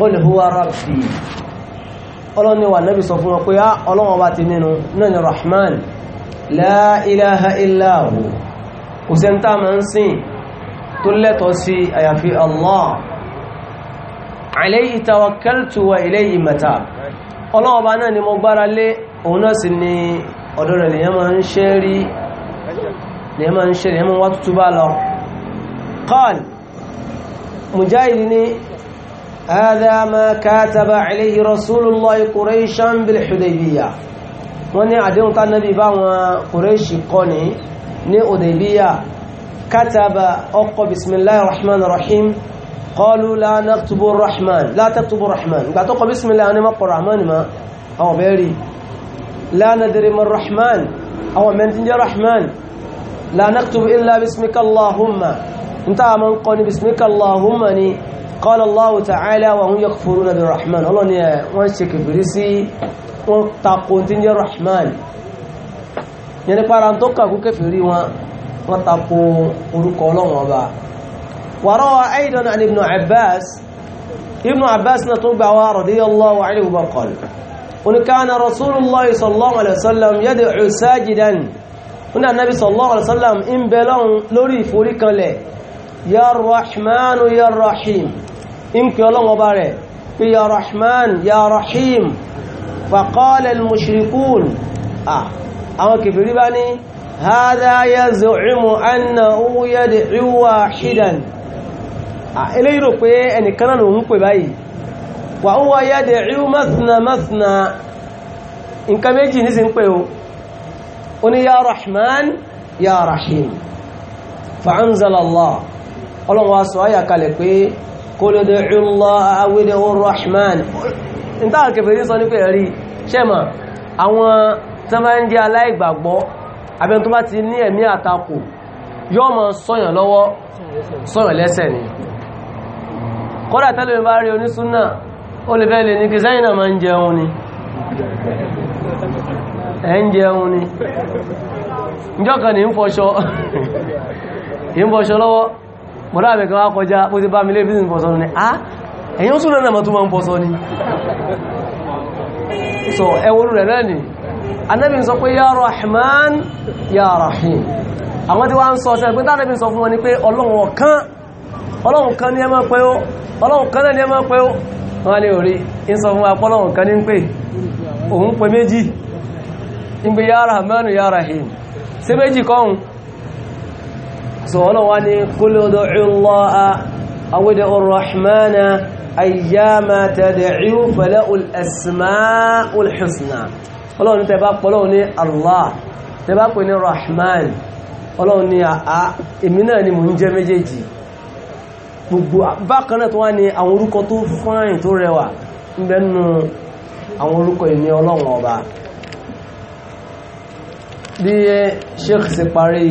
rabbi ọlọ́ni wà wa pé ah, ọlọ́wọ́n bá ti nínú náà ni rahman la ilaha illa hu kò sẹ́ ń tà máa ń sìn tó lẹ́tọ̀ọ́ sí àyàfi Allah alayhi tawakkaltu wa ilayhi matab ọlọ́wọ́ bá náà ni mo gbára lé òun náà sì ni ọ̀dọ̀ rẹ̀ lèyàn máa ń ṣe wá tútù bá lọ qal mujahid ni hadha ma kataba alayhi rasulullah quraishan bil hudaybiyah wọ́n ní àdéhùn tánàbí báwọn kùrẹ́ṣì kọ́ ní ní òdèbíyà kátàbà ọkọ̀ bismillahir rahmanir rahim qalu la naktubu rahman la taktubu rahman ìgbà tó kọ bismillah ní mọ́pọ̀ rahman ma àwọn bẹ́ẹ̀rì la nadri man rahman àwọn wọ́n tako rahman yẹn nípa ara tó kàkú kẹfìrí wọn wọ́n tako orúkọ ọlọ́run ọba wàrọ̀ aidan an ibn abbas ibn abbas na tó gbà wá radiyallahu anhu wa qala oníkàánà rasulullah sallallahu alaihi wasallam yad'u sajidan ní Nabi sallallahu alaihi wasallam in bẹ lori lórí ìforíkanlẹ̀ ya rahmanu ya rahim In pè ọlọ́run ọba rẹ̀ ya rahman ya rahim faqala al-mushrikun àwọn kèfèrí bá ní hadha yaz'umu annahu yad'u wahidan eléyìí rò pé ẹnìkan náà lòun pè báyìí wa huwa yad'u masna masna nǹkan méjì ní sí ń pè o ó ní ya rahman ya rahim fa'anzalallah ọlọ́wọ́ aṣọ ayà kalẹ̀ pé kó lè dẹ̀ ìlú Allah awédẹ̀ ó ní sọ ní pé ṣẹ́mọ̀ àwọn tó bá ń jẹ́ aláìgbàgbọ́ abẹ́ni tó bá ti ní ẹ̀mí àtakò yóò mọ sọ̀yàn lọ́wọ́ sọ̀yàn lẹ́sẹ̀ ni kódà tẹ́lẹ̀ bá rí onísúnà ó lè bẹ́ẹ̀ lè ní kí sẹ́yìn náà ni ẹ̀ ń jẹun ni ìjọ kan ní ń fọṣọ ní ń fọṣọ lọ́wọ́ bọ̀dá àbẹ̀kẹ́ wá mọ́ ń fọṣọ so ẹwọ́rú rẹ̀ náà ni anábì ń sọ pé ya rahman ya rahim àwọn tí wá ń sọ ṣẹ́gbẹ́ tàbí ń sọ fún wọn ni pé ọlọ́run kan ọlọ́run kan ní ẹ ọlọ́run kan ní ẹ máa ó wọ́n ní orí أيام tad'u falahul الأسماء husna ọlọ́run tẹ bá pọ̀lọ́ ní allah tẹ bá pè ní rahman ọlọ́run ní àá èmi náà ni mò ń jẹ́ méjèèjì gbogbo bákan náà tó wá ní àwọn orúkọ tó fáyìn tó rẹwà ń bẹ́nu àwọn orúkọ ìní ọlọ́run ọba bí sheikh sì parí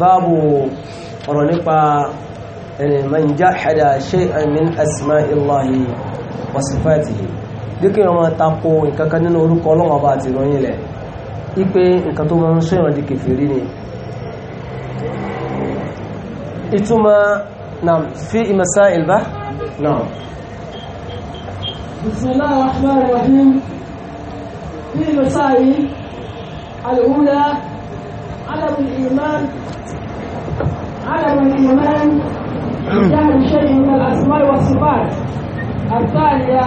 báàbù ọ̀rọ̀ nípa ẹni man jahada shay'an min asma'illahi wa sifatihi díkẹ́ wọn máa tako nǹkan kan nínú orúkọ ọlọ́wọ́n bá ti ròyìn rẹ̀ ipe nǹkan tó máa ń sọ ìrọ̀dí kèfèrí ni ìtumọ̀ náà fi masail ba náà بسم الله الرحمن الرحيم في مسائل الأولى عدم الإيمان عدم الإيمان بجعل شيء من الأسماء والصفات الثانية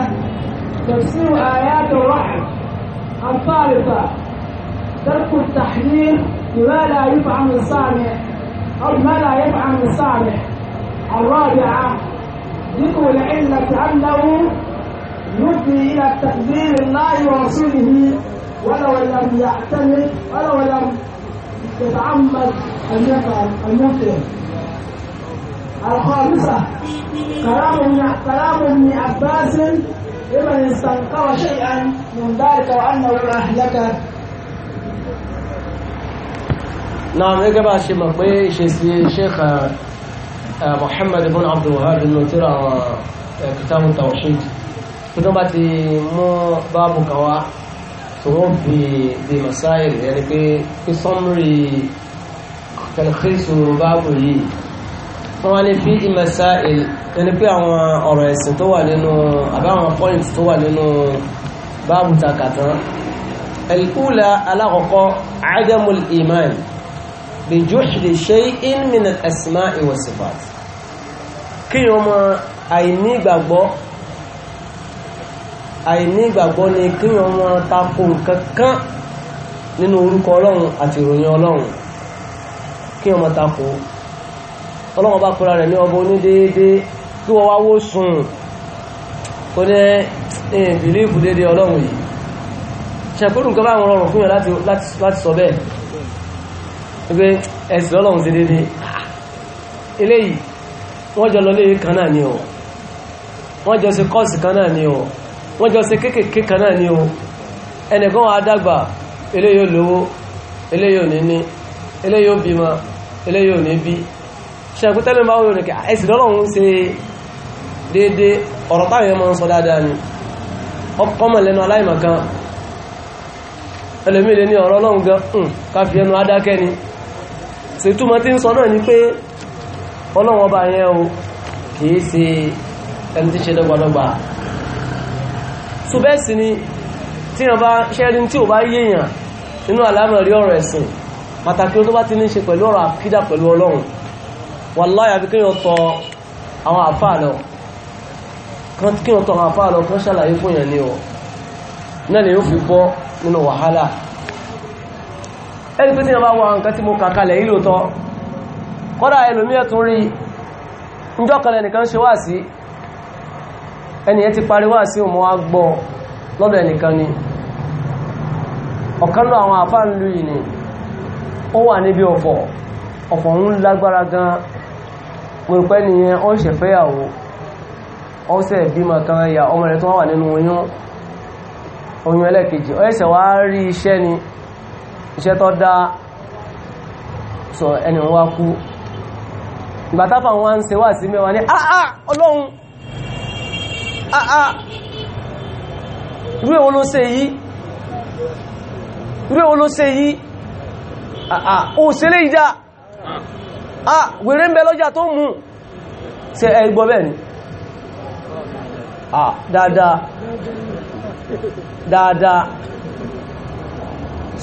تفسير آيات الرعد الثالثة ترك التحليل لما لا يفعل السامع أو ما لا يفعل السامع الرابعة ذكر العلة أنه يفضي إلى تقدير الله ورسوله ولو لم يعتمد ولو لم يتعمد أن يفعل أن يفعل الخامسة كلام ابن كلام ابن عباس لمن استنكر شيئا من ذلك وأنه أهلك نعم إجابة شيء مقبول شيء إيه شيخ آه، آه، محمد بن عبد الوهاب بن ترى آه، كتاب التوحيد كتبت مو باب كوا صوب في في مسائل يعني في في صمري تلخيص باب يعني wọ́n ní fi ìmẹ̀sá ìlú ẹni pé àwọn ọ̀rọ̀ ẹ̀sìn tó wà nínú àbáwọn point tó wà nínú báàbù takàtán ẹ̀lúùlà alákọ̀ọ́kọ́ àádẹ́mùl iman bí jùṣìlì ṣe in minna ẹ̀sìnmá ìwọ̀sìfàt kí ni ọmọ àìnígbàgbọ́ ni kí ni ọmọ tako nǹkankan nínú orúkọ ọlọ́run àti ìròyìn ọlọ́run kí ni ọmọ tako ọlọ́wọ́n bá kúra rẹ̀ ní ọba onídéédé kí wọ́n wáwó sùn ó ní ìbìlífù dédé ọlọ́run yìí ṣẹ̀kúrù nǹkan báwọn ọrùn fún yàn láti sọ bẹ́ẹ̀ wípé ah! ni o wọ́n jọ ṣe ni o wọ́n jọ ṣe ni o ẹnìkan wà á dàgbà eléyìí ò lówó eléyìí ò ní eléyìí ò bímọ eléyìí ò bí ṣẹ́kú tẹ́lẹ̀ máa wọ́n nìkẹ́ ẹ̀sìn lọ́lọ́run ṣe déédé ọ̀rọ̀ táwọn ẹmọ ń sọ dáadáa ni ọkọ̀mọ̀ lẹ́nu aláìmọ̀kan ẹlòmílẹ̀ ní ọ̀rọ̀ ọlọ́run gan ń hmm, káfí ẹnu adákẹ́ ni ṣe túmọ̀ tí ń sọ náà ni pé ọlọ́run ọba yẹn o kìí ṣe ẹni tí ṣe dọ́gbadọ́gba so bẹ́ẹ̀ sì ni tí wọ́n bá ṣẹ́rin tí ò bá yéèyàn nínú àlámọ̀rí ọ̀rọ̀ ẹ̀sìn pàtàkì ó tó bá ti ní ṣe pẹ̀lú ọ̀rọ̀ àkídà pẹ̀lú ọlọ́run wàláyà bí kí wọ́n tọ àwọn àfáà lọ kí wọ́n tọ àwọn àfáà lọ kán ṣàlàyé fún ni o. Na le yóò fi nínú wahala ẹni pé tí wọ́n bá wọ àwọn wá ti ni ọ̀kan náà àwọn àfáà ń ó wà níbi ọ̀fọ̀ ọ̀fọ̀ mo rò pé nìyẹn ó ṣe fẹ́yàwó ó ṣe bímọ kan ya ọmọ rẹ̀ tó wà nínú oyún oyún ẹlẹ́kejì ó wá rí iṣẹ́ ni iṣẹ́ tó dá sọ ẹni wá kú ìgbà wọn ń ṣe wá sí mẹ́wàá ah, ah, ọlọ́run àà ah, ah wèrè ń bẹ lọ́jà tó mú ṣe ẹ bẹ́ẹ̀ ni ah dáadáa dáadáa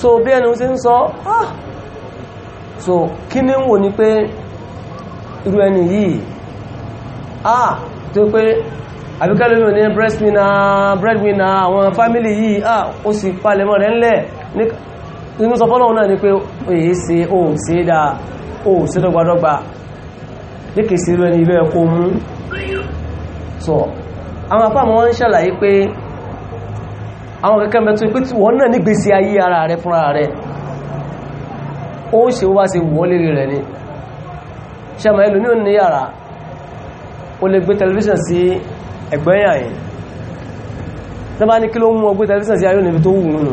so bí ẹni ṣe ń sọ ah so kí ni wò ní pé irú ẹni yìí ah tó pé àbíkẹ́lómi ní breadwinner àwọn family yìí ah ó sì palẹ̀mọ́ rẹ̀ ńlẹ̀ nínú sọ fọ́lọ́wọ́n náà ni pé èyí ṣe ohun sí dáa ó sí dọ́gbadọ́gba ní kìí sí irú ẹni ilé ẹ̀kọ́ mú sọ àwọn apá àwọn wọ́n ṣàlàyé pé àwọn kẹ́kẹ́ mẹ́tún pé tí wọ́n náà nígbèsí ayé ara rẹ fúnra rẹ ó ṣe wá sí wọlé rẹ̀ ni ṣẹ́mà ilú ní òní yàrá o lè gbé tẹlifíṣàn sí ẹgbẹ́yàn yìí tẹ́bá ní kí ló mú ọgbé tẹlifíṣàn sí ayé níbi tó wù nù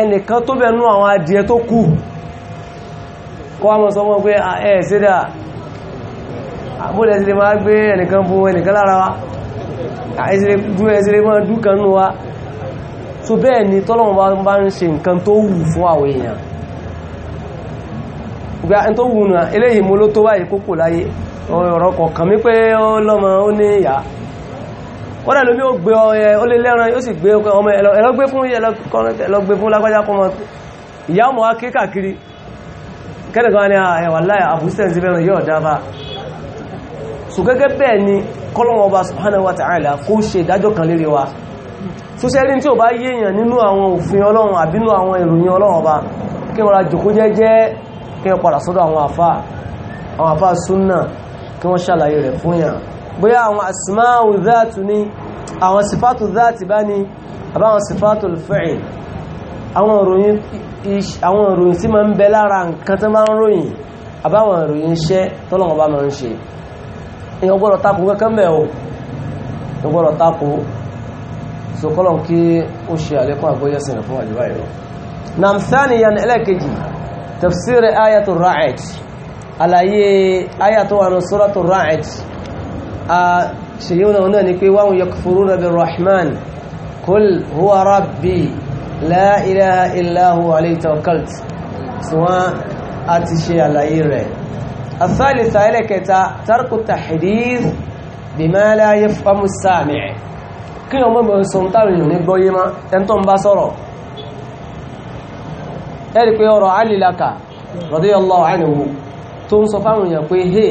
ẹnìkan tó bẹ̀nú àwọn adìẹ tó kú kọ́ àmọ́ sọ wọ́n pé ẹ̀ a àbúrẹ̀ sílé máa gbé ẹnìkan bú ẹnìkan lára wa àìsílé máa dúkan nù wa so bẹ́ẹ̀ ni tọ́lọ́wọ́n bá ń ṣe nǹkan tó wù wọ́n lómi ó gbé ọlẹ́ lẹ́ran yóò sì gbé ọmọ ẹlọ́gbé fún ẹlọ́gbé fún lágbájá kọmọ ìyá ọmọ wa ké kàkiri kẹ́nìkan ni ah, wa ta'ala kó ṣe ìdájọ́ kan lérí wa tó ṣe rí tí ó bá yéèyàn nínú àwọn òfin ọlọ́run àbínú àwọn ìròyìn ọlọ́run ọba kí wọ́n ra jòkó jẹ́jẹ́ kí wọ́n padà sọ́dọ̀ àwọn àfáà àwọn àfáà súnnà kí wọ́n ṣàlàyé rẹ̀ fún yàn bóyá àwọn asmáwù záàtù ni àwọn sifatu záàtì bá ní àbáwọn sífàtù fẹ́ẹ̀ àwọn ìròyìn tí ma ń bẹ lára nǹkan tó máa ń ròyìn àbáwọn ìròyìn iṣẹ́ tọ́lọ̀wọ́ bá máa ń ṣe èèyàn gbọ́dọ̀ tako kankan bẹ̀ o èèyàn gbọ́dọ̀ tako so kọ́lọ̀ kí ó ṣe àlékún fún ẹlẹ́kejì tafsir ayatul ayatul ṣèyíwọ̀n náà ni pé wáhùn yakfuruna bi rahman kul huwa rabbi la ilaha illa huwa alayhi tawakkaltu tí wọ́n a ti ṣe àlàyé rẹ̀ الثالثة إلكتا ترك التحديث بما لا يفهم السامع kí ọmọ mọ̀ sọ̀tàrù yìí ní gbọ́yé má ẹn tó ń bá sọ̀rọ̀ ẹ̀rì pé ọ̀rọ̀ alìlaka radiyallahu anhu tó ń sọ fáwọn èèyàn pé hey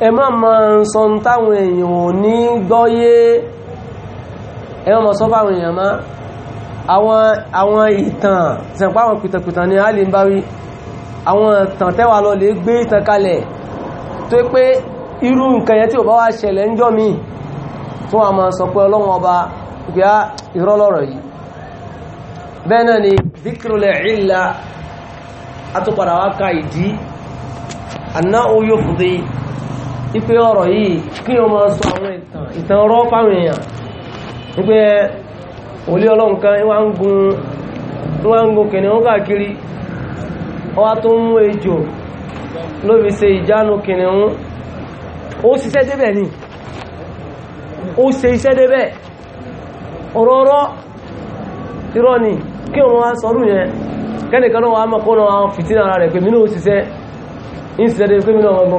ẹ má ma ń sọ táwọn èèyàn ò ní gbọ́yé ẹ má ma sọ fáwọn èèyàn má àwọn ìtàn sẹ̀pá àwọn pìtàpìtà ni a lè bá wí àwọn ìtàn tẹ́wà lọ lè gbé ìtàn kalẹ̀ tó pé irú nǹkan yẹn tí ò bá wá ṣẹlẹ̀ ń jọ mi tó wà sọ pé ọlọ́wọ́n ọba pé á ìrọ́lọ́rọ̀ yìí bẹ́ẹ̀ náà ni díkìrìlẹ̀ ìlà atúpadà wá ka ìdí annáwó yóò fúdí ipe ọrọ yìí kí o máa sọ àwọn ìtàn ọrọ ọ̀rọ̀ fáwọn èèyàn wípé olé ọlọ́run kan wá ń gun kìnìún káàkiri ọwá tó mú ejò ló fi ṣe ìjánu kìnìún ó ṣiṣẹ́ débẹ̀ ni ó ṣe iṣẹ́ débẹ̀ ọ̀rọ̀ọ̀rọ̀ irọ́ ni kí wọ́n wá sọrú yẹn kẹ́nìkan náà wà á náà fìtínà rẹ̀ pé mínú ó ṣiṣẹ́ débẹ̀ pé mínú ọmọ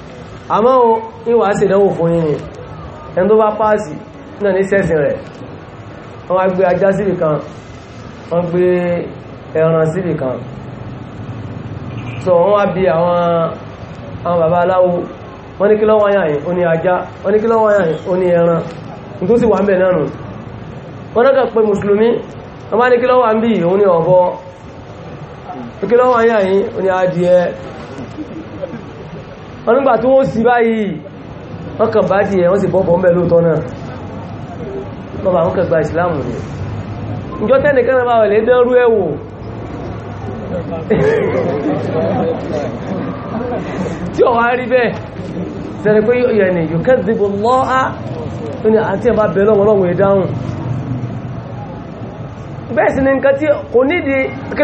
àmọ́ ịwa ìwà sí ìdánwò fún yín ni ẹni tó bá páàsì náà ní sẹ́sìn gbé ajá kan wọ́n gbé ẹran kan so wọ́n wá bí àwọn bàbá aláwo wọ́n ní kí ló ó ní ajá wọ́n ní ó ní ẹran tó sì wà wọ́n nígbà tí wọ́n sì báyìí wọ́n kàn bá dìẹ wọ́n sì bọ́bọ̀ ń bẹ̀ lóòótọ́ náà bọ́bà wọ́n kàn gba ìsìláàmù ni ìjọ tẹ́nìkan náà bá wọlé dánrú ẹ̀wò tí ọ̀wá rí bẹ́ẹ̀ sẹ́rẹ̀ pé yóò yẹni yóò kẹ́ ni nǹkan tí kò nídìí kí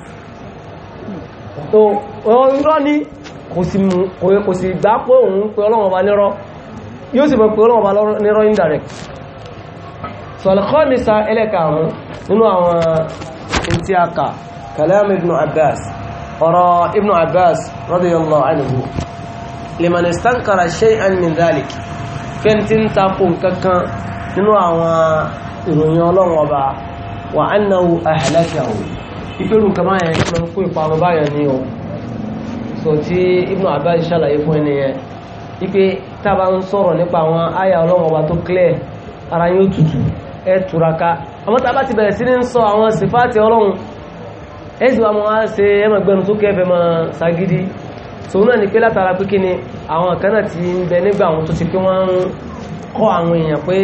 so ọ̀rọ̀ irọ́ ní kò sì gbá pé òun pé ọlọ́run ọba nírọ́ yóò sì mọ̀ pé ọlọ́run ọba nírọ́ indirect so alkhọ́misa ẹlẹ́kàrún nínú àwọn tí a kà kalam ibn abbas ọ̀rọ̀ ibn abbas radiyallahu anhu liman istankara shay'an min dhalik fẹ́ntí ń takò kankan nínú àwọn ìròyìn ọlọ́run ọba wa annahu ahlakahu ìpérù kama yẹn kí wọ́n kó ìparun báyọ̀ ni o so tí Ibn Abbas ṣàlàyé fún ẹni yẹn ipe tá a bá ń sọ̀rọ̀ nípa àwọn àyà ọlọ́run ọba tó clear ara yóò tutù túraká a ti bẹ̀rẹ̀ sí ní sọ àwọn sífáàtì ọlọ́run ẹ sì wá mọ́ á ṣe ẹ mọ̀ gbẹnu sókè ẹ fẹ́ mọ́ ṣagídí náà pé látara pé àwọn kan náà ti ń bẹ nígbà àwọn tó pé wọ́n ń kọ́ àwọn èèyàn pé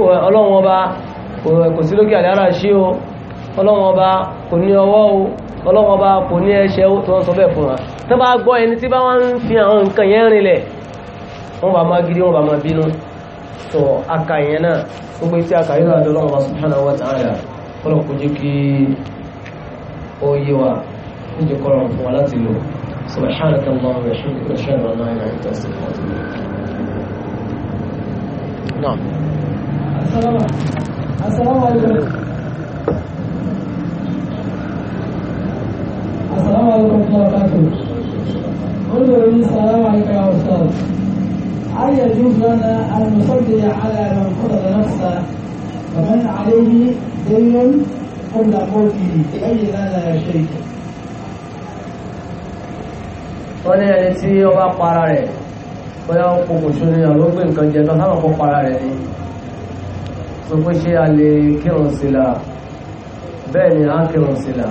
ọlọ́run ọba kò sí ọlọ́wọ́n ọba kò ní ọwọ́ o ọlọ́wọ́n ọba kò ní ẹsẹ̀ o tí wọ́n sọ bẹ́ẹ̀ fún wa tó bá gbọ́ ẹni tí bá wọ́n ń fi àwọn nǹkan yẹn rinlẹ̀ wọ́n bá máa gidi wọ́n bá máa bínú tó aka náà subhanahu wa ta'ala kọ́lọ̀ kó jẹ́ kí ó yé wa níjọ kọ́lọ̀ fún wa السلام عليكم ورحمة الله وبركاته قل لي السلام عليك يا أستاذ هل يجوز لنا أن نصلي على من قتل نفسه ومن عليه دين قبل موته بأي لنا يا شيخ wọ́n ní ẹni tí ó bá para rẹ̀ bóyá ó kò kò ṣe ní ọ̀rọ̀ gbé nǹkan jẹ tán sábà kó para rẹ̀ ni sọ pé ṣé a lè kírun sí la bẹ́ẹ̀ ni a kírun sí la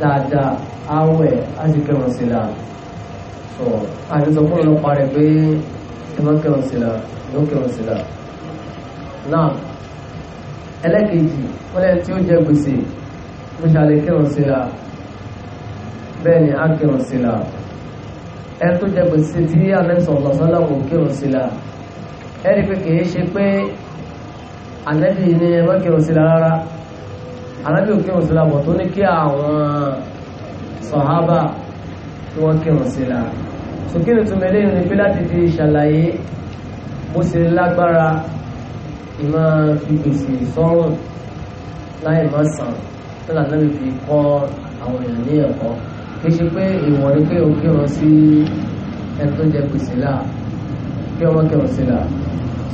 dáadáa awẹ̀ á sì kẹrùn sí la sọ àti sọ fún ọlọ́pàá rẹ̀ pé ẹ má kẹrùn sí la ló kẹrùn sí la náà ẹlẹ́kejì wọ́n lẹ́yìn tí ó jẹ gbèsè mo ṣàlẹ̀ kẹrùn sí la bẹ́ẹ̀ ni á kẹrùn sí la ẹ tó jẹ gbèsè tí anẹ́sọ̀ ọ̀sánlá kò kẹrùn sí la ẹ rí i pé kì í ṣe pé anẹ́bí ni ẹ má kẹrùn sí la rárá arábí ò kírun sílá bọ̀ tó ní kí àwọn sọ̀hábà tí wọ́n kírun sílá so kí ni túnbẹ̀ lẹ́yìn ní pé láti fi ṣàlàyé bó ṣe lágbára ìmọ̀ fi gbèsè sọ́rùn láì má sàn tí lànàbí fi kọ́ àwọn èèyàn ní ẹ̀kọ́ kì í ṣe pé ìwọ̀n ni pé ò kírun sí ẹni tó jẹ gbèsè láà kí ọmọ kírun sílá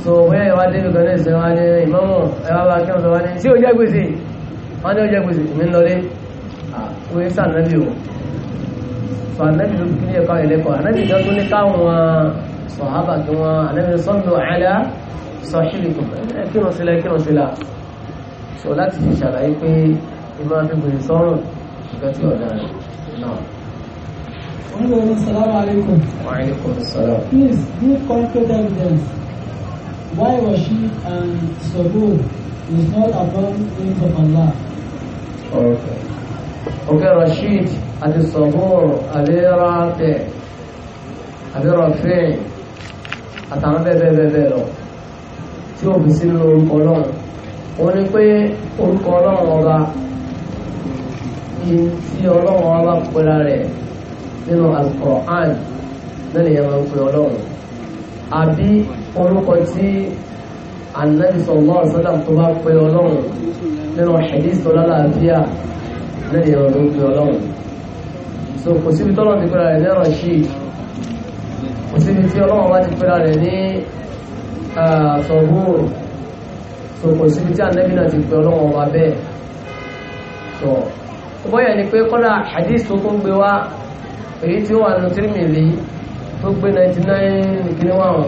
so bóyá ìwádìí kan náà ṣe wá ní ìmọ̀mọ̀ ẹ̀wá bá kírun sọ wá ní tí ò jẹ gbèsè wọ́n ní ó jẹ́ gbèsè lọlé àwọn ẹ̀sà ànábì o sọ ànábì ló kí ẹ̀kọ́ ẹ̀lẹ́kọ̀ ànábì kan tó ní káwọn sọ̀hábà kí wọ́n ànábì sọ́nà àlá sọ̀hìlìkùn ẹ̀kírun sílẹ̀ ẹ̀kírun sílẹ̀ sọ láti fi ṣàlàyé pé ìmọ̀ fi gbèsè sọ́rùn nǹkan tí ọ̀dà rẹ̀ náà. Wọ́n ní ọdún salamu alaykum. Wa alaykum salam. Please give concrete evidence why worship and sabur is not upon names of Allah ọ̀kẹ́ Rashid àti Sabur àléràtẹ̀ àbírọ̀fẹ́ àtàwọn bẹ́ẹ̀bẹ́ẹ̀bẹ́ẹ̀ lọ tí ó fi sí lórúkọ náà wọ́n ní pé orúkọ ọlọ́run ọba yìí tí ọlọ́run ọba pẹ́lá rẹ̀ nínú Al-Qur'an lẹ́nu yẹn máa ń pè ọlọ́run àbí orúkọ tí Ànábì sallallahu alaihi wasallam tó bá pẹ́ ọlọ́run nínú ṣẹ̀díṣọ́ lálàáfíà lẹ́yìn ọdún fi ọlọ́run so kò síbi tọ́lọ́ ti pẹ́ra rẹ̀ ní ọ̀rọ̀ ṣì kò síbi tí ọlọ́run wá ti pẹ́ra rẹ̀ ní àtọ̀gbòrò so kò síbi tí ànẹ́bí náà ti pẹ́ ọlọ́run wá bẹ́ẹ̀ so bọ́yà ni pé kọ́lá hadith tó tún gbé wá èyí tí ó wà nù Tirmidhi tó gbé 99 kìnnìwọ̀n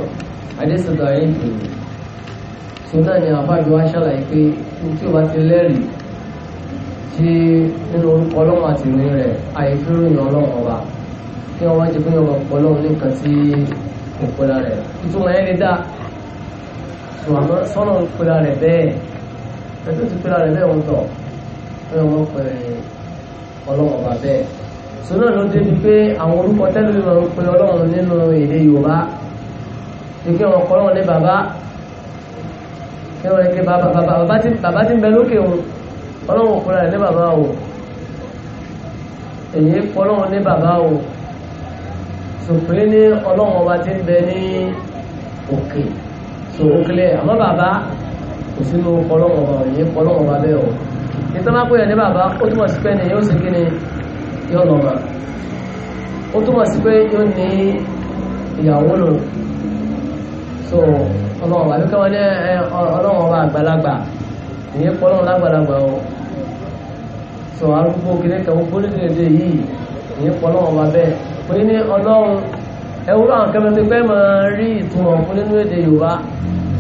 hadith tó dàrí so náà ni àfáàjọ wá ṣàlàyé pé tí o bá ti lẹ́rìí tí nínú orúkọ ọlọ́run àti ìròyìn rẹ̀ àìfíròyìn ọlọ́run ọba kí wọ́n wá jẹ pé wọ́n pọ̀ lọ́run nìkan tí kò pẹ́lá rẹ̀ ìtumọ̀ ẹni dá ṣùgbọ́n sọ́nà ń pẹ́lá rẹ̀ bẹ́ẹ̀ ẹjọ́ ti pẹ́lá rẹ̀ bẹ́ẹ̀ ń tọ̀ pé wọ́n pẹ́ ọlọ́run ọba bẹ́ẹ̀ sọ́nà ló dé pé àwọn orúkọ tẹ́lẹ̀ ló ń ọlọ́run nínú èdè Yorùbá ní kí ọlọ́run ní bàbá ẹwọ́n rẹ̀ kí bàbá tí ń bẹ lókè òun ọlọ́run fúnra rẹ̀ ní bàbá òun èyí fọlọ́run ní bàbá òun sòpé ní ọlọ́run ọba tí ń bẹ ní òkè sòkèlè àmọ́ bàbá kò sínú fọlọ́run ọba òun yìí fọlọ́run ọba bẹ́ẹ̀ o ìtọ́lá pé ẹ̀ ní bàbá ó túmọ̀ sí pé ní yóò sì kí ni yóò lọ́mọ ó túmọ̀ sí pé yóò ní ìyàwó lòun so ọlọ́run àbí kí wọ́n ní ọlọ́run ọba àgbàlagbà ìyẹn pọ́ ọlọ́run lágbàlagbà o so arúgbó kiri kan gbólókèdè yìí ìyẹn pọ́ ọlọ́run ọba bẹ́ẹ̀ pé ní ọlọ́run ẹwúrọ àwọn kẹfẹ pé máa rí ìtumọ̀ fún nínú èdè yorùbá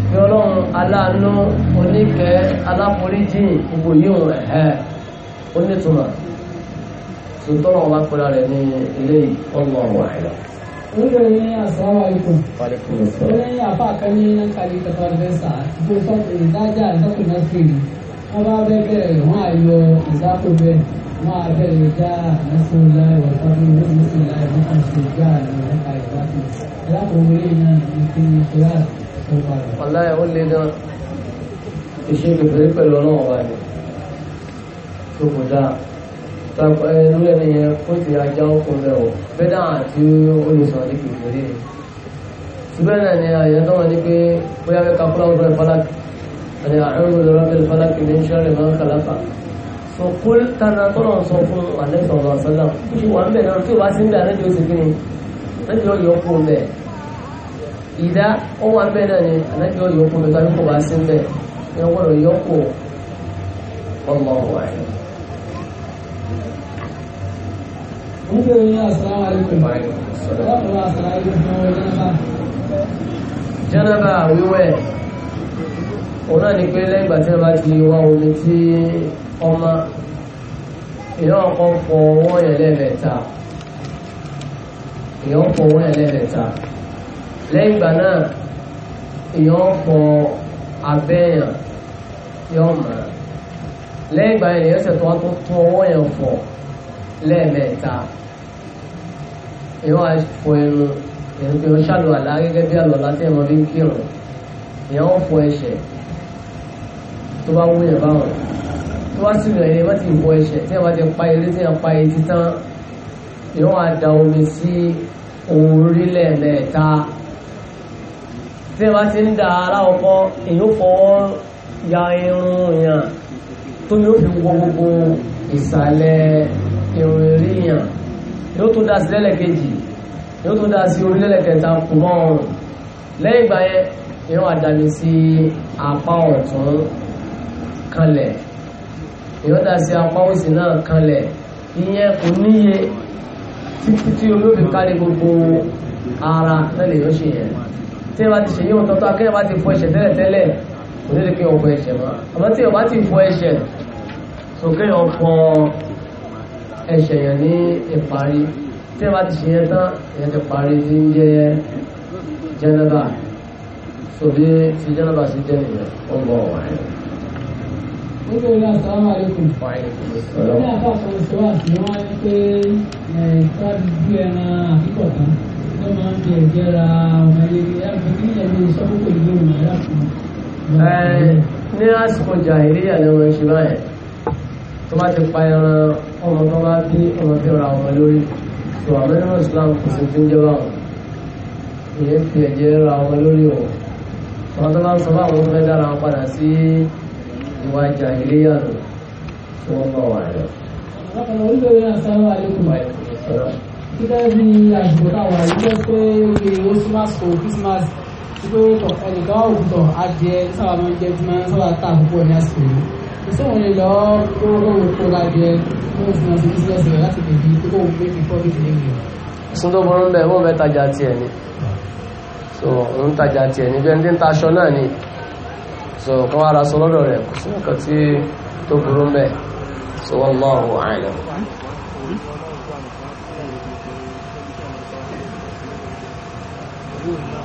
bí ọlọ́run aláàánú oníkẹ́ aláforíjìn gbogbo yíò ẹ̀ onítumọ̀ sọtọ́rọ̀ wá pẹ́lá rẹ̀ ní ilé ọgbọ̀n wàhálà oúnjẹ ní àsàlámù àlékún ó ní àfa kan ní nankali kẹfàdẹsà tó sọpọ ìdájà ìsọpọnà fèrè wọn bá bẹkẹ wọn àyọ ìsáfò bẹ́ẹ̀ wọn abẹrẹ já nasọlá ìwọta ní onísìlá ìwọta ṣe já ìwọta ìwọta ìlàkùnrin náà ní kí ní kílá ọba rẹ. ọláyà ó lé gan iṣẹ́ kékeré pẹ̀lú ọlọ́run ọba rẹ̀ tó kọjá tọ́pẹ́ inú ẹni ni àyẹ̀ náà ní pé bóyá fẹ́ kakúrò àwọn ọ̀rẹ́ fọlákì àti àrùn lọ́rọ́ bẹ́ẹ̀ fọlákì ní sọ́ọ̀rẹ́ máa ń kàlápà sọ kó tana tọ́lọ̀ sọ fún àlẹ́sọ̀ ọ̀rọ̀ sọ́lá ó sì wà ń bẹ̀ náà tí o bá sí ń bẹ̀ àlẹ́jọ́ ni àlẹ́jọ́ yọ kó ni àlẹ́jọ́ yọ kó bẹ̀ tàbí kò bá sí ń bẹ̀ ẹ̀ wọ́n yọ kó ọmọ mun ga yi assalamu alaikum wa ya janaba òun náà ni pé lẹ́yìn ìgbà tí wọ́n bá ti wá omi tí ọmọ èèyàn ọkọ̀ fọ ọwọ́ yẹn èèyàn fọ ọwọ́ lẹ́yìn ìgbà náà èèyàn fọ abẹ́yàn lẹ́yìn ìgbà yẹn èèyàn tó tún fọ. lẹ́ẹ̀mẹ́ta èèyàn wá fọ ẹnu èèyàn pé ó ṣàlù àlá gẹ́gẹ́ bí àlọ́ láti ẹ̀mọ́ bí kírun èèyàn ó fọ ẹsẹ̀ tó bá wú yẹn báwọn tó bá sì rẹ̀ yẹn má ti fọ ẹsẹ̀ tí wọ́n ti pa eré tí wọ́n pa etí tán èèyàn wá da omi sí orí lẹ́ẹ̀mẹ́ta tí wọ́n ti ń da aláwọ̀ kọ́ fọwọ́ ya irun yàn tómi ó fi wọ gbogbo ìsàlẹ̀ ìrùn ìrìyàn yóò tún dá sí lẹ́lẹ̀kejì yóò tún dá sí orí lẹ́lẹ̀kẹta kù mọ́ ọrùn lẹ́yìn ìgbà yẹn yóò àdàmì sí apá ọ̀tún kanlẹ̀ yóò dá sí apá òsì náà kanlẹ̀ ìyẹn kò níye títí tí olóògbé kárí gbogbo ara lẹ́lẹ̀ yóò ṣe yẹn tí ẹ bá ti ṣe yíò tọ́tọ́ akẹ́yẹ̀ bá ti fọ ẹsẹ̀ tẹ́lẹ̀tẹ́lẹ̀ onílé kí ọkọ̀ ẹsẹ̀ mọ́ àmọ́ tí ẹ bá ti fọ ẹsẹ̀ sókè ọkọ̀ ẹ̀ṣẹ̀ yẹn ní ìparí tí wọ́n ti ṣe yẹn tán èyàn ti parí tí ń jẹ́ jẹ́nẹ́bà sóbi tí jẹ́nẹ́bà sí jẹ́ nìyẹn ó ń bọ̀ wá yẹn. nítorí náà sàlámù aleykum. ní àpapọ̀ ìṣòro àti wọn ní pé ẹ̀ka bí ẹran àkíkọ̀ kan ló máa ń jẹ ìjẹra ọmọ ilé ẹ̀ka bí ẹni sọ́kòkò ìlú ìmọ̀ ẹ̀ka kan. ní àsìkò jàìrí àlẹ́ wọn ṣe báyẹn tó bá ti pa ẹran ọmọ tó bá bí ọmọ fi ra ọmọ lórí tó àmẹ́rin islam kò sí ti ń jọba wọn ìyẹn fi ẹ̀jẹ̀ ra ọmọ lórí wọn àwọn tó bá ń sọ bá àwọn fẹ́ dára wọn padà sí ìwà ìjà ilé yàtọ̀ tí wọ́n bá wà Christmas ti pé ẹnìkan òkùtọ̀ adìẹ sábà máa ń jẹ́ tí máa ń sábà ta ṣé òun lè lọ kó owó kó bá jẹ fún òfin àti bísíǹsì rẹ láti lè fi kókó òun pé kí pọ́lìsì lè rìn. sún tó burú bẹ́ẹ̀ wọ́n fẹ́ tajà tiẹ̀ ni so òun tajà tiẹ̀ ni bí ẹni tí ń ta aṣọ náà ni so kọ́ ara sọ lọ́dọ̀ rẹ̀ kò sí nǹkan tí tó burú bẹ́ẹ̀ so wallahu a'lam. Thank you.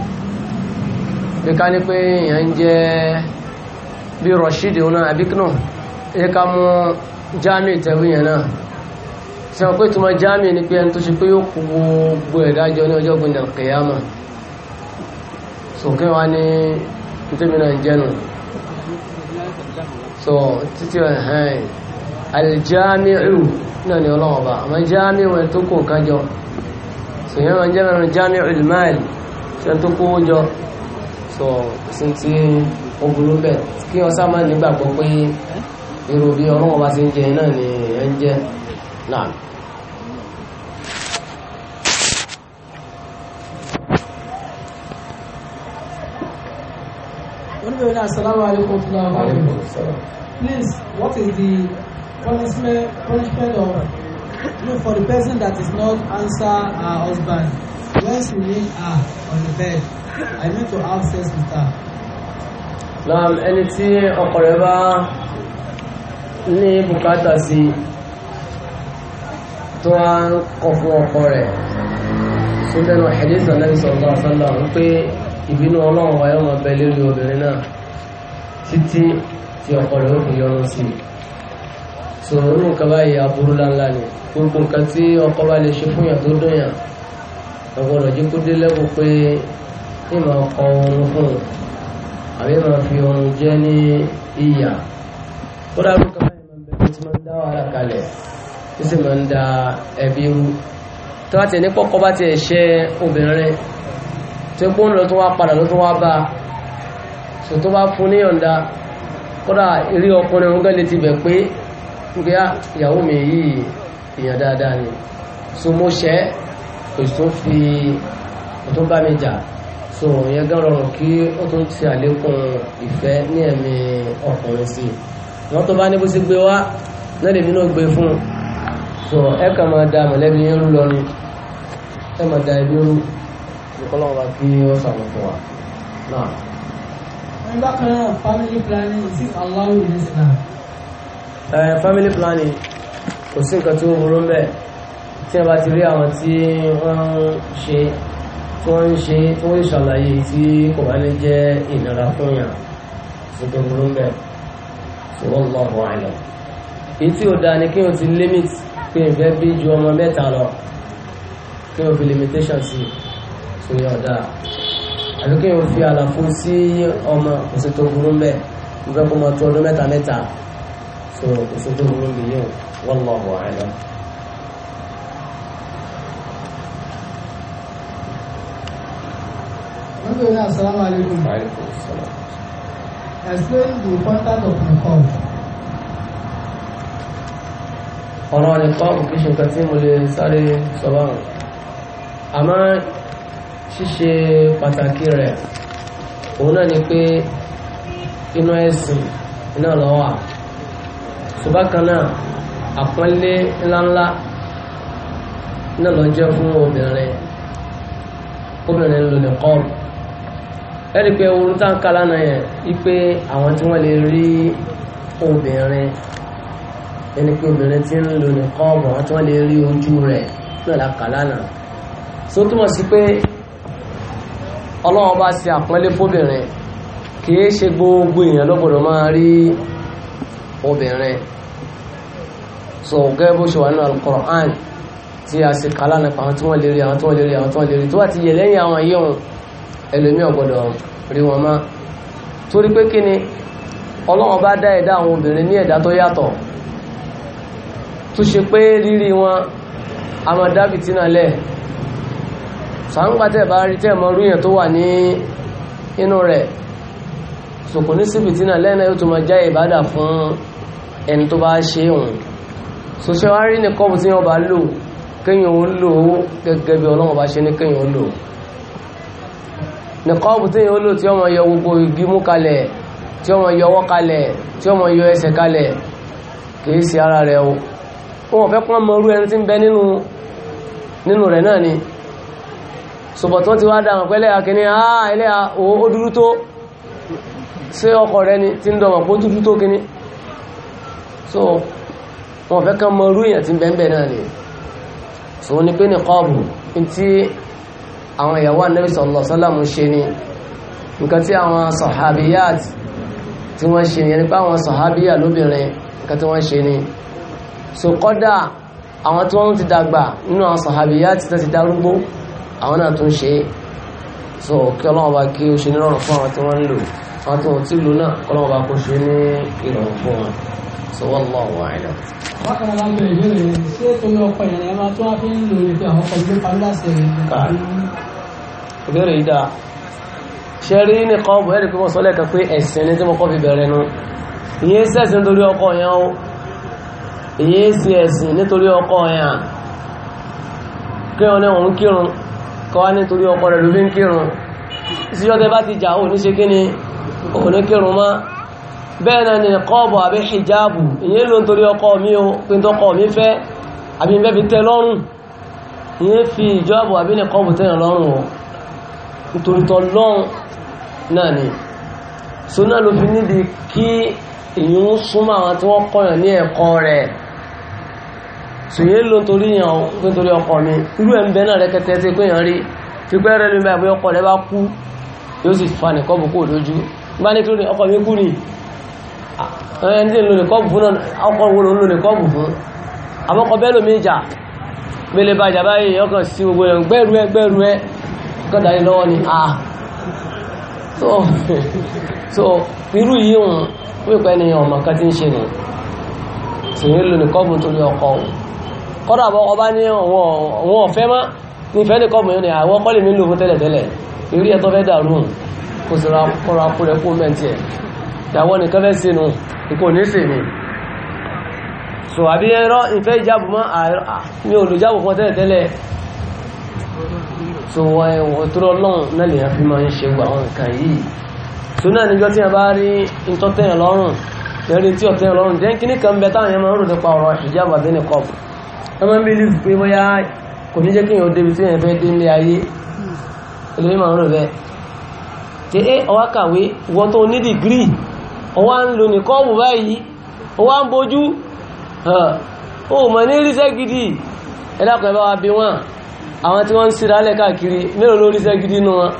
bí ká ní pé èèyàn ń jẹ́ bí Rashid náà àbíkínà ẹ mú jami tẹ̀wé yẹn náà ṣe wọn pé tó jami ni pé ẹni tó ṣe pé yóò kú gbogbo ẹ̀dájọ́ ní ọjọ́ gbìyànjú kìyàmà sòkè wa ní nítorí náà ń jẹ́nu so títí ẹ̀hẹ́n aljami'u náà ni ọlọ́wọ́ bá àmọ́ jami'u ẹ̀ tó kó nǹkan jọ sòyìn wọn jẹ́ mẹ́rin jami'u al-mal ṣe tó kó jọ sọ sí tí ó burú bẹ̀ kí wọ́n sá máa nígbàgbọ́ pé irú bí ọlọ́wọ́ ń jẹ náà ni ẹ ń jẹ náà. Oníbẹ̀rẹ̀ assalamu alaikum wa rahmatullah. Please, what is the punishment, punishment of for the person that is not answer her husband when she her on the bed? I need to have sex with her. Naam ẹni tí ọkọ rẹ̀ bá ní bùkátà sí tó wá ń kọ fún ọkọ rẹ̀ tó dẹnu àdéhùn náà sọ̀rọ̀ sọ́lá wípé ìbínú ọlọ́run wáyé ọmọ bẹ lórí obìnrin náà títí tí ọkọ rẹ̀ ó fi yọrùn sí i sọ̀rọ̀ nǹkan báyìí aburú láńlá ni gbogbo nǹkan tí ọkọ bá lè ṣe fún yàn tó dùn yàn ọgbọ́dọ̀ jí kó dé lẹ́bùn pé tí mo kọ oorun fún un àbí mo fi oorun jẹ́ ní ìyà ó dàbí kan báyìí máa ń bẹ̀rẹ̀ tí máa ń dá wàhálà kalẹ̀ tí sì máa ń da ẹbí rú tó bá tiẹ̀ ní kọ́kọ́ bá tiẹ̀ ṣẹ́ obìnrin tó gbóhùn lọ tó wá padà ló tó a sọ tó bá fún níyọ̀ǹda kódà eré ọkùnrin ọ̀gá lè so fi o tó bá mi jà so yẹn gan rọrùn kí ó tún ṣe àlékún ìfẹ́ ní ẹ̀mí ọkùnrin sí i wọ́n tó bá ní bó ṣe gbé wá náà lèmi náà gbé fún un so ẹ kàn máa da mọ̀lẹ́bí yẹn rú lọ ni ẹ máa da ẹbí rú ìkọlọ́wọ́ wa kí ó sàmù fún wa bákan náà family planning sí aláwọ̀ ìlú Islam. family planning kò sí nǹkan tí ó burú mbẹ tí a bá ti rí àwọn tí wọ́n ń ṣe wọ́n ń ṣe wọ́n ń ṣàlàyé tí kò bá ní jẹ́ ìnira fún yàn fún tó burú bẹ̀ fún wọn lọ wọ àná èyí tí ò dáa ni kí wọ́n ti limit pé ìfẹ́ bí ju ọmọ mẹ́ta lọ kí wọ́n fi limitation sí fún yàn dáa àti kí wọ́n fi àlàfo sí ọmọ òsè tó burú bẹ̀ nígbà kó máa tó ọdún mẹ́ta mẹ́ta so òsè tó burú bẹ̀ yẹn wọ́n lọ wọ àná. Assalamu alaikum. Explain the content of niqab. ọ̀rọ̀ niqab kì í ṣe nǹkan tí mo lè sáré sọ báwọn àmọ́ ṣíṣe pàtàkì rẹ̀ òun náà ni pé inú ẹ̀sìn iná lọ́wọ́ ṣùgbọ́n kan náà àpọ́nlé ńláńlá náà lọ jẹ́ fún obìnrin obìnrin lò niqab ẹ̀rí pé ohun tá ń ka lánàá yẹn wípé àwọn tí wọ́n lè rí obìnrin ẹni pé obìnrin tí ń lò ní kọ́ọ̀bù àwọn tí wọ́n lè rí ojú rẹ̀ náà la kà lánàá so túmọ̀ sí pé ọlọ́run bá ṣe àpọ́nlé fóbìnrin kìí ṣe gbogbo èèyàn ló gbọ́dọ̀ máa rí obìnrin so gẹ́gẹ́ bó ṣe wà nínú Al-Qur'an tí a ṣe kà lánàá pa àwọn tí wọ́n lè rí àwọn tí wọ́n lè rí àwọn tí wọ́n lè rí tó bá ti yẹ lẹ́yìn àwọn yíyún ẹlòmí ọ̀gbọ́dọ̀ rí wọn má torí pé kí ni Ọlọ́run bá dá ẹ̀dá àwọn obìnrin ní ẹ̀dá tó yàtọ̀ tó ṣe pé rírí wọn a máa dá fìtínà lẹ̀ sàǹgbàtẹ̀ bá rí tẹ́ẹ̀mọ́ rúyàn tó wà ní inú rẹ̀ sòkò ní sí fìtínà lẹ́nà yóò tó máa já ìbádà fún ẹni tó bá ṣe òun so wá rí ní kọ́ọ̀bù tí wọ́n bá lò kéèyàn ó lò ó gẹ́gẹ́ bí Ọlọ́run bá ṣe ní kéèyàn ó lò ó nìkọ́ọ̀bù tí yóò lò tí ọmọ yọ gbogbo ìgbímú kalẹ̀ tí ọmọ yọ ọwọ́ kalẹ̀ tí ọmọ yọ ẹsẹ̀ kalẹ̀ kìí sí ara rẹ̀ o wọn fẹ́ kún ọmọ orú ẹni tí ń bẹ nínú rẹ̀ náà ni ṣùgbọ́n ti wá dáhùn pẹ́lẹ́ akíní àá ilé ó dúdú tó sí ọkọ̀ rẹ̀ ni tí ń dọ̀mọ̀ kó dúdú tó kíní so wọn fẹ́ kún ọmọ orú èèyàn tí ń bẹ náà ni so ní pé nìkọ́ọ̀bù àwọn ìyàwó Ànábì sallallahu alaihi wasallam ṣe ni nǹkan tí àwọn sọ̀hábíyàt tí wọ́n ṣe ni nípa àwọn sọ̀hábíyà lóbìnrin nǹkan tí wọ́n ṣe ni so kọ́dà àwọn tí wọ́n ti dàgbà nínú àwọn sọ̀hábíyàt tí ti darúgbó àwọn náà tún ṣe so kí ọlọ́wọ́n bá kí o ṣe nírọ̀rùn fún àwọn tí wọ́n ń lò àwọn tí wọ́n ti lò náà kọ́lọ́wọ́n bá kó ṣe ní ìrọ̀rùn fún wọn so wallahu a'lam. bákan náà lábẹ́ ìbéèrè ṣé torí ọkọ ìyàrá ẹ̀ máa ìbéèrè yìí dáa ṣe rí ní kọ́ọ̀bù ẹ̀rì pé wọ́n sọ lẹ́ẹ̀kan pé ẹ̀sìn ní tí mo kọ́ fi bẹ̀rẹ̀ nu ìyẹn sẹ́sìn nítorí ọkọ yẹn o ìyẹn sí ẹ̀sìn nítorí ọkọ yẹn kí wọn ní òun kírun kọ́ wá nítorí ọkọ rẹ̀ ló fi ń kírun síjọ́ tẹ bá ni ò àbí hijabu ìyẹn ló ń torí ọkọ mi o pé ń mi fẹ́ àbí ń bẹ́ lọ́rùn ìyẹn fi ìjọ́bù àbí ní kọ́ọ̀bù tẹ̀yàn lọ́rùn o nítorí tọ́lọ́n náà ni so náà ló fi nídi kí èyàn ń súnmọ́ àwọn tí wọ́n kọ́yàn ní ẹ̀kọ́ rẹ̀ so yé ló nítorí yàn nítorí ọkọ mi irú ẹ̀ ń bẹ náà rẹ kẹtẹ tí pé yàn rí tí pé rẹ lómi àbúyọ ọkọ rẹ bá kú yóò sì fa nìkan bò kó lójú bá ẹ gbẹ́rú ẹ kọ́dà ní lọ́wọ́ ni ah. so so irú yìí hùn wípé ni ọmọ kan ti ń ṣe nù sèyí lónìí kọ́ọ̀bù torí ọkọ̀ òun kọ́dà bọ́ ọba ní àwọn ọ̀fẹ́ má ní fẹ́ ní kọ́ọ̀bù yìí ni àwọn kọ́lì mi ń lò fún tẹ́lẹ̀tẹ́lẹ̀ irú ẹ̀ tó fẹ́ dàrú kò sì ra kọ́ra kó rẹ̀ kó mẹ́ntì ẹ̀ ìyàwó nìkan fẹ́ sínú ìkò ní sèmi so àbí ẹ̀rọ ìfẹ́ ìjábùmọ́ mi ò lò jábù fún tẹ́lẹ̀tẹ́lẹ̀ so ẹ̀wọ̀n tó lọ́lọ́run náà lè fi máa ń ṣe gbà àwọn nǹkan yìí tó náà níjọ́ tí a bá rí ìtọ́tẹ̀yàn lọ́rùn lẹ́rìí tí ọ̀tẹ̀yàn lọ́rùn jẹ́ kí ní kan bẹ táwọn yẹn máa ń rò nípa ọ̀rọ̀ hijab àti niqab ẹ máa ń bí lífi pé bóyá kò ní jẹ́ kí èèyàn débi tí èèyàn fẹ́ dé ní ayé ẹlẹ́yìn máa ń rò bẹ́ẹ̀ tí ẹ ọwá kàwé wọ́n tó ní dìgírì ọwá ń lo nìkọ́ọ̀bù báyìí ọwá ń bojú ó mọ̀ ní ríṣẹ́ gidi ẹ̀dàkùn ẹ̀ bá wa bí wọ́n àwọn tí wọ́n ń sira lẹ̀ káàkiri mélòó lórí iṣẹ́ gidi nu wọn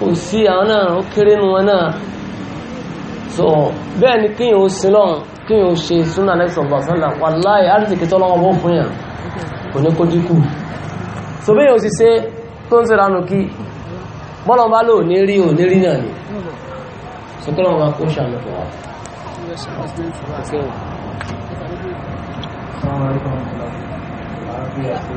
kò sí àwọn náà ó kéré nu wọn náà so bẹ́ẹ̀ ni kíyàn ó sin lọ́hùn kíyàn ó ṣe súnà náà sọ̀rọ̀ sọ́nà wàláì àrísìkì tó lọ́wọ́ bó fún yàn kò ní kó dínkù so bẹ́ẹ̀ ó sì ṣe tó ń sọ̀rọ̀ ànú kí bọ́lọ̀ bá lò ní rí ò ní rí náà ni so kọ́lọ̀ wọn kó ṣàmì fún wa. Assalamu alaikum.